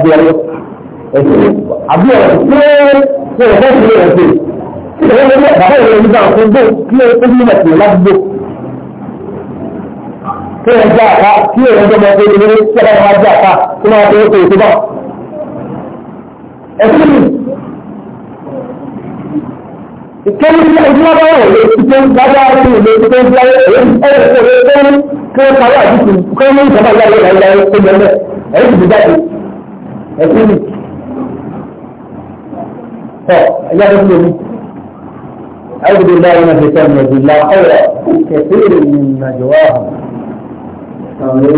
ẹ̀sìn àbí ọ̀rọ̀ tí ó ń bọ̀ sí ẹ̀sìn tí ó ń bọ̀ bàbá ìwé nígbà fún bó kí ó tó nígbà tí ó bá gbó. kí ó jẹ́ àká kí ó ń dọ́mọ pé ilé tí ó bá jẹ́ àká kí máa tó ètò ìtúbọ̀. ẹ̀sìn mi ìkéwì ní ọdún ọdún ọ̀rọ̀ lè ti tó ń gbájá sí ìlú tó ń gbáyé èyí ẹ̀rọ kò lè tó ń kí ó parí àdúgbò kí ó ní ìjọba ìyá ìyá ìyá ìyá ìyá ìyá ìyá ìyá ìyá ìyá لا طيب، يسلم أعوذ بالله من الشيطان الرجيم لا خير كثير من نجواهم أعوذ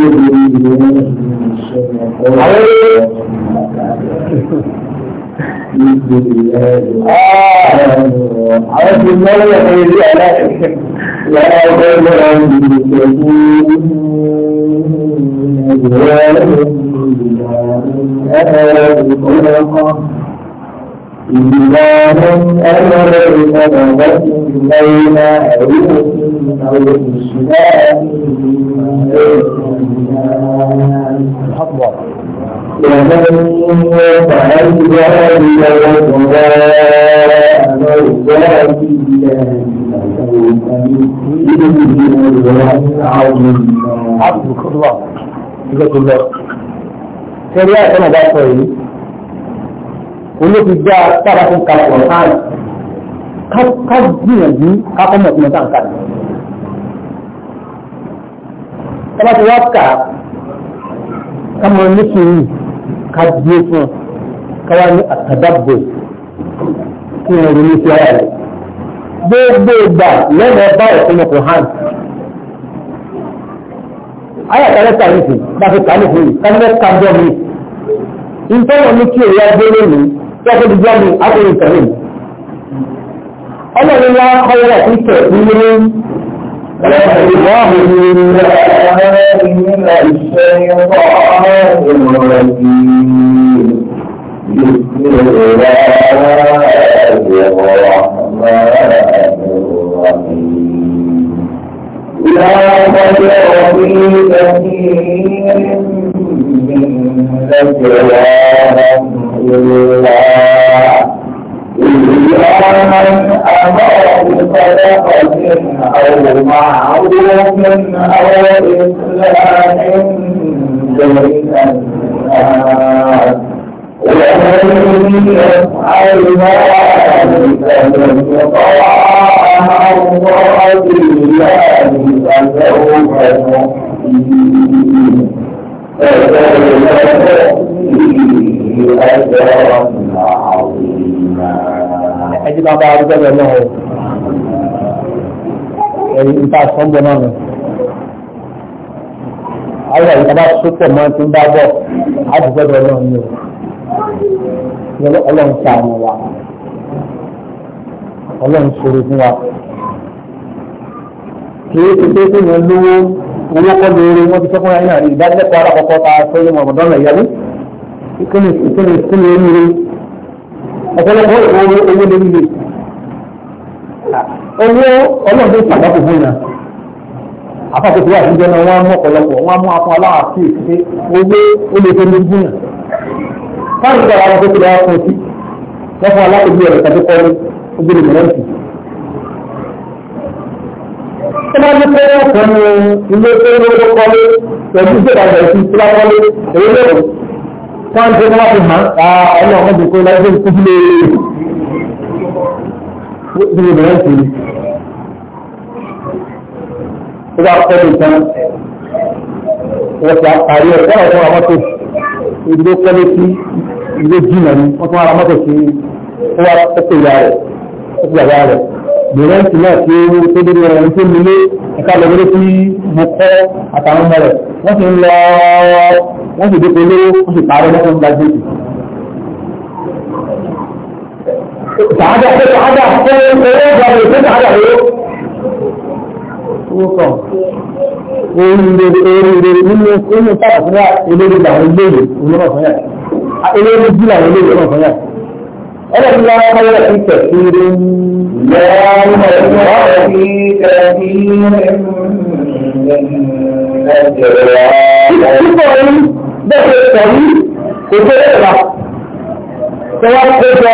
آه. من الشيطان إلا من أمر بصدقة بين أيديهم أو بشمالهم ومن يفعل ذلك وجزاء مرضات الله فسوف نؤتيه أجرا عظيما. عبدك الله. الله. شريعة أنا بقى olóòtú dá sábà tó ń ka ọ̀rọ̀ náà ká gbìyànjú ká kọ́ mọ̀ ọ̀túnmọ̀ táǹkà ni. sábà tó wá kà ká mọ nítorí ká dúró fún un ká wá ní àtàdàbò kí wọ́n rí ní sí ara rẹ̀. gbogbo ìgbà lẹ́nu ọba ọ̀túnmọ̀ kò hàn. ayàtàlẹ́ kàlẹ́sì bá fi kàlẹ́sì kàlẹ́sì kàjọ́ mi. ìtọ́wọ̀ ní kí èyí á gbé lónìí. tọ́kọ̀ ti jáde ápèrè tẹ̀lé. ọlọ́run wá kọ́wọ́ pípẹ̀ nílé لا تجر في كثير من ذكرى الله إذا من أمر بصدقة أو معروف أو إصلاح بين الناس ومن يفعل ذلك يلقاها الله فسوف نؤتيه فسوف نؤتيه أجرا عظيما أجل أبا عبد الله ìta àṣọ́gbọ́n náà nù. Àwọn ìta bá sókè máa ti ń bá bọ̀, a ti gbọ́dọ̀ náà ní o. Ọlọ́run ta àmọ̀ wa. Ọlọ́run ṣòro fún wa. Kìí ti pé kí ni lówó owó kọ́ lóore wọ́n ti sọ́kùnrin náà rí ìdánilẹ́kọ̀ọ́ alákọ̀ọ́kọ́ ta sọ́yìn mọ̀mọ́dọ́nà ìyálé ìkíni ìkíni ìkíni oníire ọ̀pọ̀lọpọ̀ owó owó lórí ilé owó ọlọ́dún ìpàdánù fún yàn àpapọ̀ wà níjọ náà wọ́n á mú ọ̀pọ̀lọpọ̀ wọ́n á mú apọ̀ aláwọ̀ sí èkìté owó ó lè fẹ́ lójú yàn fáwọn ìgbà àwọn tó kéré wọn fún sí wọ́n fún alákòóbí ọ̀rẹ́ tàbí kọ́lé ogbèrè mìíràn tó bá ní pé wọ́n fún ilé tó ń lọ́wọ́ kọ́lé pẹ̀lú ìgbéra ìgbà ìsìn wọ́n ti wọ́n fi hàn á ọlọ́run wọ́n ti kó lọ́jọ́ ìkúlé ìdílé bẹ̀rẹ̀ sí i. Ó bá kọ́ mi tán, wọ́n ti àparí ẹ̀ wọ́n ti wọ́n mọ́tò kọ́lé sí ìdílé jìnnà ni wọ́n ti wọ́n mọ́tò sí ó wá pẹ́pẹ́ ìyá rẹ̀ ó ti bàbá rẹ̀. Bẹ̀rẹ̀ sí náà tí ó tó dé lọ ní tó nílé ẹ̀ka lọ́wọ́dé tí mo àtàwọn ọmọ rẹ̀ wọ́n ti ń lọ wọ́n sì dépò lówó wọ́n sì pààrọ̀ lọ́wọ́ ń gbajú. Sàádà pé sàádà pé owó ọgbà rẹ̀ pé sàádà lówó. Owó kan. Oríire oríire nínú nínú sábà fún wa eléré làwọn gbèrè olóòrò fún yà. Eléré jí làwọn olóòrò olóòrò fún yà. Ẹlẹ́ni ló wá wáyé ẹ̀sìn tẹ̀síre ń lọ́wọ́ ẹ̀sìn tẹ̀síre ń lọ́wọ́ ẹ̀sìn tẹ̀síre ń lọ́wọ́ bẹ́ẹ̀ ṣe sọ yìí kò tó lè rà tí wọ́n kó jọ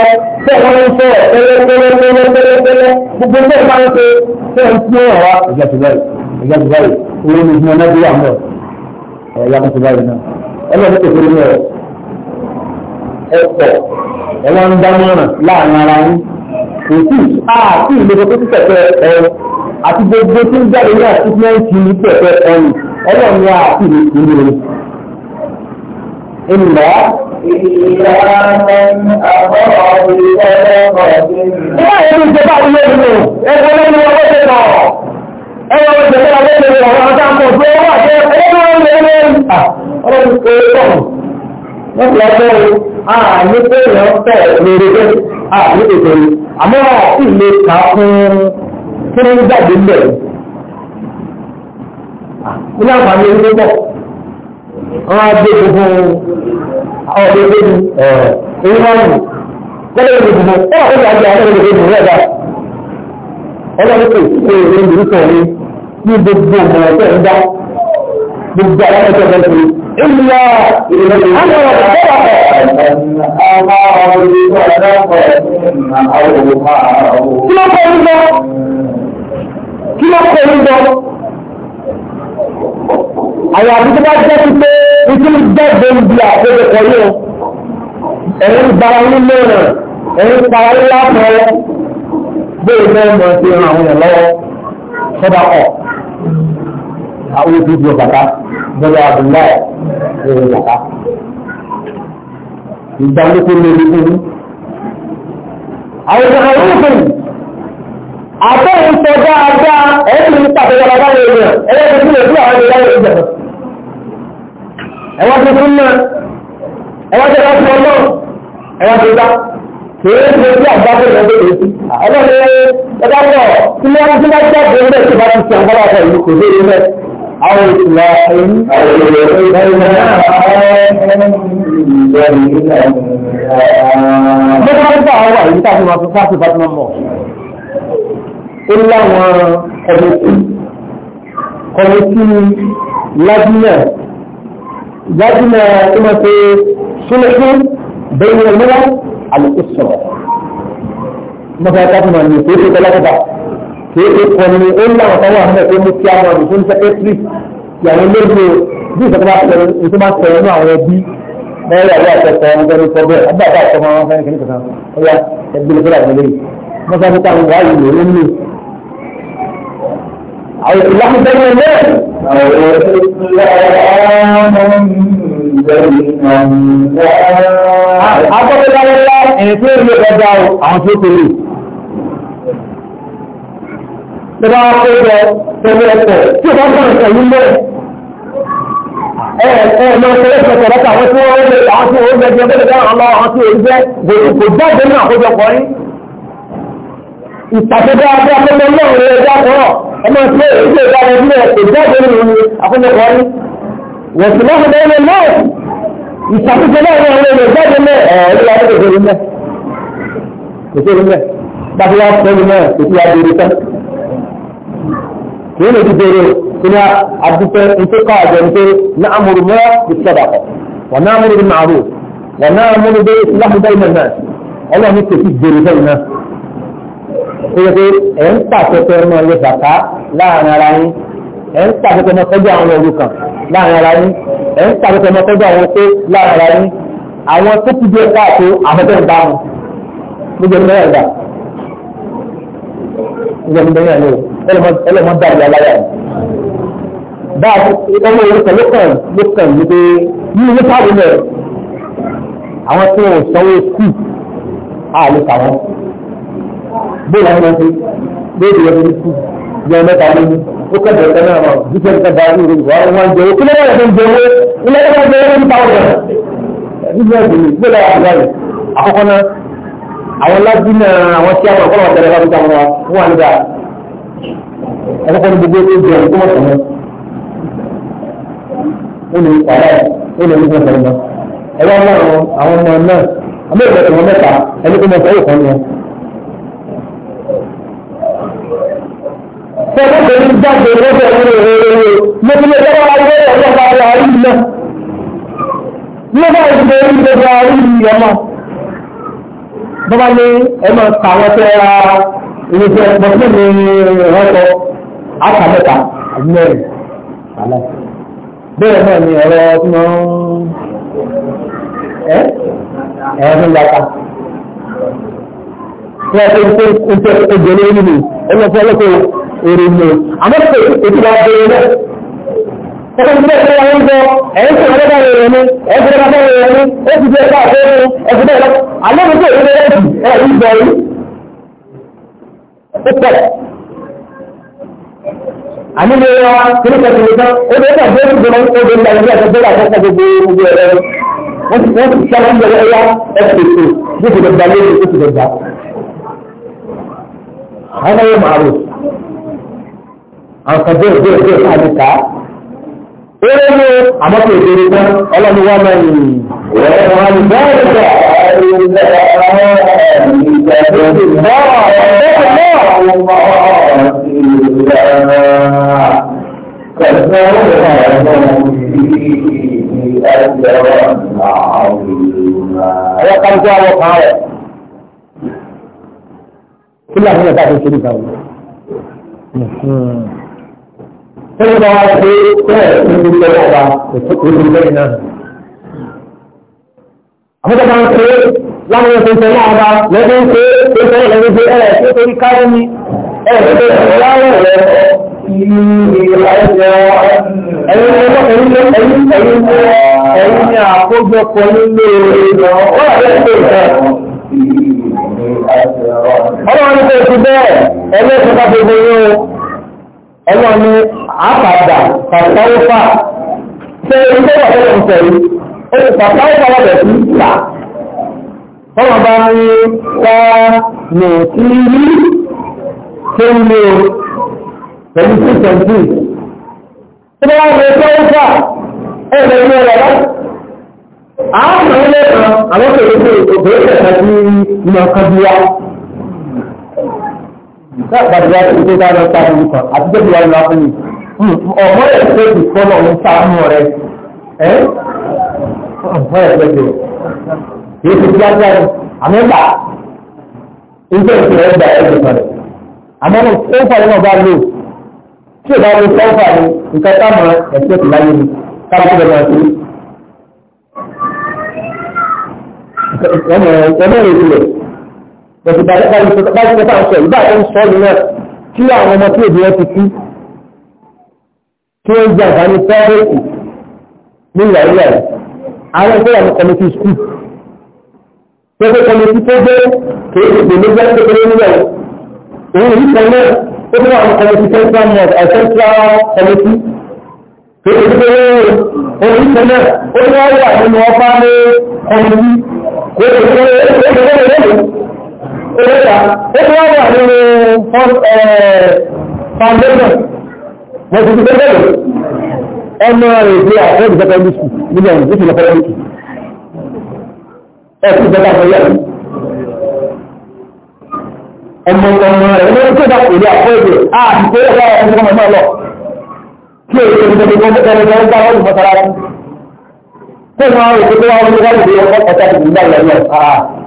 tí wọ́n ń fẹ́ tẹ́lẹ̀tẹ́lẹ̀tẹ́lẹ̀tẹ́lẹ̀ gbogbo tó máa ń ṣe tó ń tí ó wà ìjà ti báyìí ìjà ti báyìí owó ni ìjìnà náà wà mọ́ ẹ̀ yàtọ̀ ti báyìí náà ẹlẹ́ni kò tó lè ẹ̀pọ̀ ẹ̀wọ̀n ń dámọ̀ràn láàrin ara yín kò sí àti ìlera tó ti tẹ̀tẹ̀ ẹ̀rọ àti gbogbo tó ń jáde ní àtúntò ẹ̀ńtì ní tẹ̀tẹ̀ ẹ̀rọ ẹlẹ́ni àti ìlera إلا إلا من أمر بصدقة لا يجوز بعض يده يقول لك وقتنا أنا وجدت على يده وأنا تعمل في وقت أنا أنا أنا wọ́n lọ bẹ́ẹ̀ a ní pé èèyàn tẹ̀ lórí pé a ní ìtòrí àmọ́ àti ìlé ka fún kí ní jáde ń bẹ̀rẹ̀. Ní àǹfààní orí pọ̀ wọ́n á gbé funfun ọ̀dọ̀ ìgbésù èyí wọ́n mú lọ́dọ̀ ìgbésù fún ọ́ ó yàgbé àwọn ìgbésù rẹ̀ dá ọlọ́run kò sí pé èyí ìlú kan ní ní gbogbo ọ̀gbọ̀n ọ̀tọ̀ ń dá gbogbo àwọn ọ̀tọ̀ ọ̀tọ̀ ń ṣe ìlúwa ìrìnàjò àwọn ọ̀tọ̀ kí ló kọ́ ń lọ kí ló kọ́ ń lọ àwọn àbúkú bá jẹ́ pípé ikú jáde ibi àkójọpọ̀ yìí ẹ̀yìn gbara nílé rẹ̀ ẹ̀yìn gbara nílá pọ̀ bóyá bẹ́ẹ̀ mọ̀ sí àwọn èèyàn lọ́wọ́ sọ́dà ọ̀ àwọn ètò ìdíje bàtà bóyá àbúlá ẹ̀ ẹ̀ bàtà ìgbàlókè lórí fún mi. àwọn ìgbàlókè lórí fún mi àtọ́hún sọ dáadáa ẹ̀sìn ní pàtàkì ọ̀gá èèyàn ẹlẹ́gbẹ̀ẹ́ sílẹ̀ sí àwọn ìlú ìjọba ẹ̀wọ́n ti fún náà ẹ̀wọ́n ti bá fún ọmọ ẹ̀wọ́n ti bá kìí ṣe sí àgbábọ̀ ìlú ọdún èsì ọlọ́run ẹ̀dá pọ̀ tí wọ́n ti bá jáde ilé tí bá ti ṣe àgbábọ̀ ọ̀gá ìlú ó láwọn kọmitì kọmitì ládínà ládínà tó máa ṣe súnlẹ̀kú bẹ́ẹ̀ ni wọ́n àlùkò sọ̀rọ̀ mọ́tò ẹ̀ka fún mi kò ṣe tọ́lákọ̀tà kò ṣe kọ́ni ó láwọn tó wà nílẹ̀ tó mú kí àwọn àdùnkún sẹ́kẹ́tìrì ìyàwó lóde bí ìsọ̀tọ̀ bá tẹ̀lé ìsọ̀tọ̀ bá tẹ̀lé ní àwọn ẹbí mẹ́rin àwọn àtẹ̀kọ́ ọmọdé ní sọ́bẹ̀ àbúrò àtẹ̀kọ́ ọmọ wọn fẹ́ẹ́ kìnnìkan ọ̀yà ẹgbẹ́ أو إصلاح بين الناس أو إصلاح بين الناس أقول الله إن كل يبدأ عن فكره Tọ́lá ọ̀pọ̀lọpọ̀ tẹ̀lé ẹ̀kọ́ tí ó bá ń bọ̀rọ̀ pẹ̀lú mẹ́. Ẹ ẹ àwọn tí wọ́n ń àwọn tí wọ́n ń jẹ́ bẹ́ẹ̀ dáhùn àwọn jẹ́ kò àkójọpọ̀ yín ìpàtẹ́jọ́ abẹ́ akọ́kọ́ náà rẹ̀ ẹja kọ́rọ̀ ọmọ ìpé èyí ìdára ilé ẹ̀kọ́ jáde nínú ni akọ́kọ́ ní wọ̀sùn náà fún ẹni náà ìṣàkóso náà rẹ̀ ẹ̀rọ rẹ̀ jáde ní ẹ̀rí láti kò sóri mẹ́ bàbá wa fún ẹni náà kò sí adúlé tán kì í lè ti bèrè kìnní àdúpẹ́ nítorí kọ́ àjọ nítorí náà múru ó yẹ pé ẹ̀ ń pàṣẹpẹ ọmọ ilé bàtà láàrin ara yín ẹ̀ ń pàṣẹpẹ ọmọ tọ́jú àwọn olùkàn láàrin ara yín ẹ̀ ń pàṣẹpẹ ọmọ tọ́jú àwọn pé láàrin ara yín àwọn tó ti dé káàtó àfẹ́fẹ́ ń bá wọn níjẹ́ ní mẹ́rin gbà níjẹ́ ní mẹ́rin lò ẹlẹ́mọ dá ìyá láyà rẹ̀ báyìí ọmọ olùkàn ló kàn ló kàn ní pé yíyí ní káàdì mẹ́rin àwọn tí wọn ò sanwó skul àlùkà wọn. bóyá ẹ̀rọ ṣe lórí ẹ̀rọ ṣe yọ mẹ́ta lónìí ó kẹ́kẹ́ ẹ̀kẹ́ náà wà jíjẹ́ ẹ̀kẹ́ bá rí ìròyìn wà wọ́n jẹ́ owó kílẹ̀ náà ló ń jẹ owó ilẹ̀ náà jẹ́ owó nípa ọ̀rọ̀ nígbà ìdílé gbọ́dọ̀ àgbà rẹ̀ àkọ́kọ́ náà àwọn lájú náà àwọn tí pẹ̀lú pẹ̀lú jáde lọ́sẹ̀ nínú ìrere mo ti lè lọ́wọ́ ayé ọ̀sẹ̀ pàtó àárí ilẹ̀ nígbà ìgbé ìgbé àárí ilẹ̀ mọ́ bọ́bá ní ẹ̀mọ́ àwọn tẹ́ ra iléeṣẹ́ pọ̀tí ní ìrọ́pọ̀ àtàmẹ́ta mẹ́rin àlẹ́ bẹ́ẹ̀ náà ni ẹ̀rọ tí wọ́n ẹ́ ń lata wọ́n ti ń pè ń pè ń pè ń ń pè ń pè orí mu àmọ́ pé ètò wa bẹ̀rẹ̀ náà ọkọ̀ tí bẹ́ẹ̀ tẹ́lá ń bọ ẹ̀yìn tí ọ̀rẹ́ bá rẹ̀ rẹ̀ ní ẹ̀sìn ọ̀rẹ́ bá rẹ̀ rẹ̀ ní ó ti bẹ́ẹ̀ bá rẹ̀ rẹ̀ ẹ̀sìn bẹ́ẹ̀ lọ àmọ́ mi tó èyí rẹ̀ jù ẹ̀ ń bọ̀ yìí ó pẹ̀ àmì mi wá kiri kẹsì nìkan ó bẹ́ẹ̀ bá bẹ́ẹ̀ gbọ́n ó bẹ́ẹ̀ gba ìgbà tó bẹ́ẹ̀ àkọ́kọ́ gbogbo gbogbo ẹ̀rẹ́ wọ́n ti sọ́wọ́n bẹ̀rẹ̀ ẹ̀yà ẹ̀sìn tó bí àǹkan bẹ́ẹ̀ bẹ́ẹ̀ bẹ́ẹ̀ ká lè ká. Eré ní àmọ́tò ìbéèrè tán ọlọ́run wá máa yìn. Wọ́n bẹ́ẹ̀ bá Ẹ̀rọ kan jẹ́ àwọn kan rẹ̀. Kí ni àwọn ẹ̀ka tó ṣe nígbà wọn? tẹ́lẹ̀ bá wá pé bẹ́ẹ̀ ní gbogbo ọba ìfúkúrú lẹ́yìn náà. Àbúkọ̀ máa ń pé láwọn ẹ̀sìn tẹ̀lé ọba lẹ́bí ń pé ó fẹ́ lẹ́bí ẹ̀ tó torí káyọ̀ ní ẹ̀ tó rẹ̀ Ọlọ́run ní kò sí bẹ́ẹ̀ ẹlẹ́sìn bá gbogbo yóò ọlọ́ni àpàdà pàtàkùfà ṣe ilé wà lọ́wọ́ ń sẹ́yìn ó ti pàtàkùfà wà bẹ̀ sí ìta ọmọ bá ń rí ká ní kí rí tó ń lò pẹ̀lú sí sẹ́ńtì tí wọ́n rí pàtàkùfà ó lè ní ọ̀rọ̀ lọ. àwọn ọmọ ilé kan àwọn kèrè kèrè kò bẹ́ẹ̀ tẹ̀ka sí ìmọ̀ kan bí wa láàbàdì wá sí pé dáná hmm, ta ìlú kan àti jẹ́bi wàá lọ fún mi ọmọ ẹ̀ pé ìfọ́nà ń sàánú rẹ ẹ́ ọmọ ẹ̀ pé bẹ̀rẹ̀ yóò fi bí ajá ni àmẹ́ta ìjọ ìṣẹ̀lẹ̀ ẹgbà ẹgbẹ̀ sọ̀rọ̀ àmọ́ ní sọ́fà yìí náà bá lò tí ìbá lè sọ́fà ni nǹkan táwọn ẹ̀ṣẹ́ kò láyé ni káwọn bẹ̀rẹ̀ máa ṣe é. ẹ̀mọ̀ ẹ̀mọ̀ ìṣẹ̀lẹ̀ bẹ̀rẹ̀ bá yẹ́pá yìí tó bá yẹ́pá sọ ìgbà tó ń sọ ní náà kí àwọn ọmọ tí èdè ti kú kí ó ń jẹ àǹfààní pẹ́ẹ́rẹ́tì ní ìyá ìyá rẹ̀ àwọn tó wà ní skul pẹ̀lú kọ́mítì tó gbé kéèké pẹ̀lú jẹ́ kékeré nílẹ̀ òun yìí kan náà ó tó wà ní central mosque and eh, central committee kéèké kékeré òun yìí kan nínú ọba owó ta ó tó wá wà nínú foundation wọ́n ti fi tó bẹ̀rẹ̀ ọmọ rẹ̀ ìgbé àfẹ́ ìjọba ìlú sùn nígbà ìlú sùn lọ́pọ̀ ìlú ẹ̀kú ìjọba àfẹ́ yàrá ọmọ ọmọ rẹ̀ ọmọ tó bá kò ní àfẹ́ ìgbé àti pé ọ̀gá ọmọ ọmọ náà lọ kí èyí tó ti tẹ́lẹ̀ tó tẹ́lẹ̀ tó ń bá wọn lù mọ́tara rẹ̀ kó máa rò pé wọ́n wọ́n wọ́n lè ọkọ̀ ọ̀tá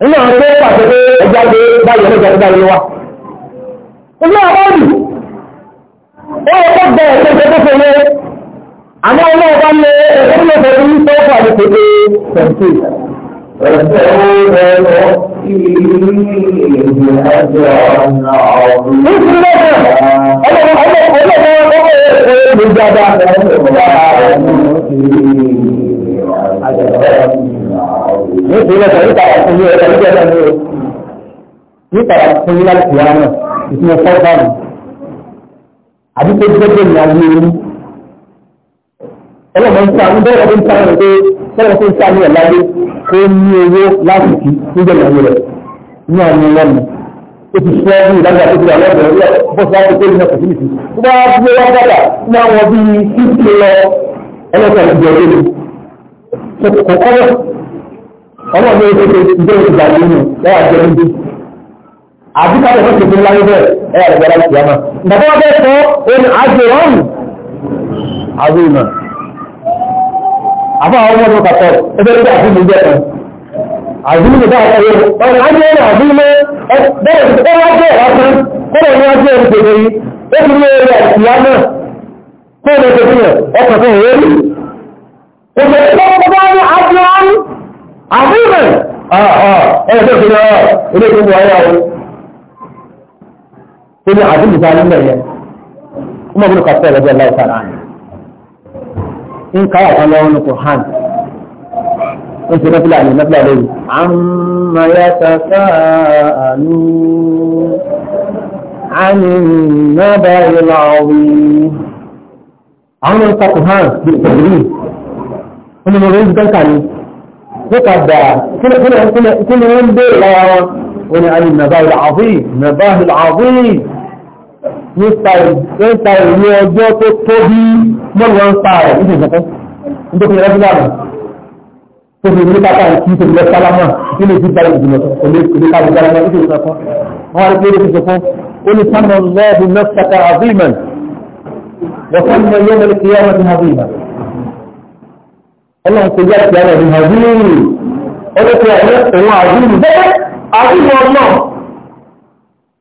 nínú àwọn tó pàṣẹ pé ẹja pé báyìí ẹlẹ́jà tó báyìí wá. Ilé àbáàdì, ó yẹ kó bẹ̀rẹ̀ tó ṣe tó ṣe yẹ, àmọ́ ọmọ ọba ní ẹgbẹ́ tó ṣe ní tó fà ní pépé pẹ̀lú. Ẹ̀sẹ̀ ó rẹ̀ lọ sí ìrìn àjò ọ̀nà ọ̀run. Ní ìsinmi náà, ọlọ́run ọlọ́run ọlọ́run ọlọ́run ọlọ́run ọlọ́run ní ìpínlẹ̀ sọ nípa àwọn ọmọ ẹ̀rọ ìjọba ẹ̀rọ ìjọba nípa àwọn ọmọ ẹ̀rọ láti wà náà ìpínlẹ̀ fọ́ọ̀báàmù àbí tó gbẹ́gbẹ́ ní àwọn ewu ọlọ́mọ nípa àwọn bẹ́ẹ̀ ọdún sáà rẹ̀ pé sọ́wọ́ tó ń sáà ní ọ̀làdé ó ní owó láti kí níjẹ̀ ìyàwó rẹ̀ ní àwọn ọlọ́mọ ó ti sọ bí ìdájọ́ àti ìdájọ́ ọ̀rọ̀ rẹ̀ bọ́sọ̀ láti pé ìnáwó sí ìsìn tó bá gbé wá dábà ní àwọn bíi fífi lọ ẹlẹ́sẹ̀ ìjọ ọmọ mi ò tètè ìdó ìgbà nínú lọ́wọ́ àti ẹni bí. àbíká lè fọ́sẹ̀ fún láyé bẹ́ẹ̀ ẹ̀ ẹ̀ gbọ́dọ̀ sí ọmọ. bàbá wa bẹ́ẹ̀ sọ ohun àjò ọ̀hún àbí ìmọ̀. àbá àwọn ọmọ kàtọ́ ẹgbẹ́ nígbà tí mo jẹ́ kan. àbí mi bá ọkọ yẹn ọ̀hún àjò ọ̀hún àbí mi bẹ́ẹ̀ ti kọ́ wájú ẹ̀ lásán kọ́lọ̀ ní wájú ẹni tètè yìí ó ti ní ẹ̀rọ ìyá náà kó o lè tètè fún òwe rí. òṣèlú àbúrò ẹ̀ẹ́dẹ́ fi lọ ilé ìgbìmọ̀ ọ̀yá o tó ní àdúgbò ta nílẹ̀ yẹn ọmọ ìbúrò kàtẹ́ ẹ̀lẹ́dẹ́ láì sára ní ń ká àtàn lọ́wọ́ ní kò hàn ó ti nọ́fìlà ní nọ́fìlà lórí àmà ya tàkà àánú àní nọ́bà ìlà ọ̀wí àwọn ọmọ ìta kò hàn bí ìtẹ̀lẹ́ yìí ó ní mo rí ìdọ́kà ni وقد كل كل كل كل يوم بيلا وانا عن النباه العظيم النباه العظيم يستعي يستعي يوجو تطبي مرة يستعي إذا جاكا انت في رجل هذا تبي من كذا كيف تقول سلام كيف تقول سلام كيف تقول سلام كيف تقول سلام هذا كيف تقول قل سمى الله نفسك عظيما وسمى يوم القيامة عظيما ọlọ́run kò yára ìyára ìrìn àdúrú ọlọ́pẹ́ ọ̀rẹ́ òun àdúrú bẹ́ẹ̀ àdúrú ọlọ́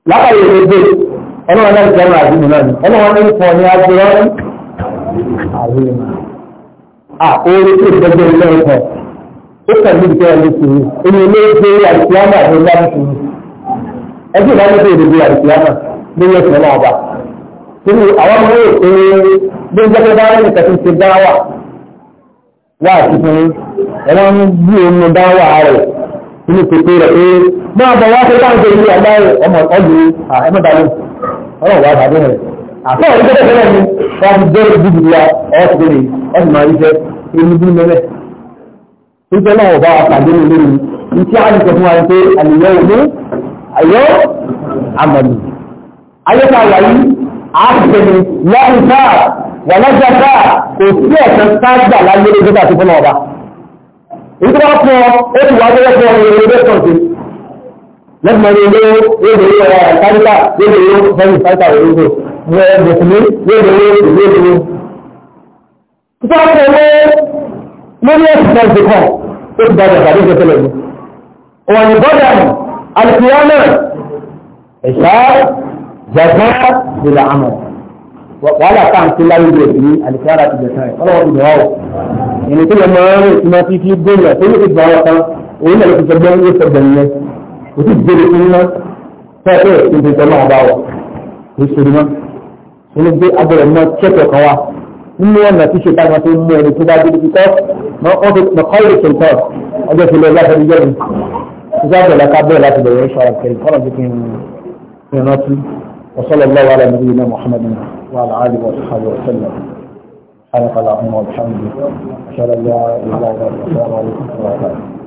látàrí èdè ọlọ́run náà ìyára àdúrú náà ni ọlọ́run náà ìfọ̀ ní agbèrè ọ̀rẹ́ àdúrú àkóórí tó gbẹgbẹ ilé ọkọ ó kàlí ìfẹ́ ẹni sí i inú ilé ìgbé àìsíámà ní ìlànà sí i ẹgbẹ́ ìlànà tó ìdìbò àìsíámà ní ilé ìfẹ́ náà bá nínú àwọn ọmọ yóò pé bí ń jẹ́ bá ń rìn kàtí dáwà wá àtúntò ní ẹ̀rọ ń bí omi bá wà rẹ̀ pépé rẹ̀ pé máa bọ̀ wá ọmọ ẹ̀mẹ́dàlú wà tàbí rẹ̀. tẹ̀lé wọ́n jẹ́ ìdíjì wa ọ̀sùn ní ọ̀sùn máa yíṣẹ́ èmi bí náà bá a fún wa pé àlùyọ òní àyọ àmàlù ayé wà yìí wàlájà bá kò sí ẹ̀sán sáájà láyé lójú àti fún ọba èyí tó bá fún ọ ó ti wá gẹ́gẹ́ fún ọmọ ìròyìn bẹ́ẹ̀ sọ̀tì lẹ́gbẹ̀ẹ́ ní ilé ìwé ìwé ọ̀rọ̀ àtàríkà lóde ìwé ìfẹ́yìn sáíkà òwúrò ní ẹgbẹ̀sùn lóde ìwé ìwé ìwé. Títí wọ́n fún owó lórí ẹ̀sìn náà ti wàhálà tá à ń pín láyé rẹ̀ ní àlùfáàrà ti jẹ̀ta ẹ̀ ọlọ́wọ́ ti dọ̀wọ́ ẹni tó yẹ mọ́ ọ́rẹ́ tí máa fi fi gbóyè tó yẹ ti gbọ́ ọ̀kan òun náà ti gbẹgbẹ́ ní ìfẹ̀gbẹ̀ yẹn kò sì gbére fún iná fẹ́ẹ́ tó ti tọ́ náà bá wà kò sí iná tó ló gbé abẹ́rẹ́ náà kẹ́kọ̀ọ́ kan wá nínú ọ̀nà tí ṣe táwọn tó mú ẹni tó bá dé ibi kọ́ ọ̀dọ̀ kọ́lé ṣèǹtọ́ وعلى آله وصحبه وسلم حلق اللهم وبحمده أشهد أن لا إله إلا وبركاته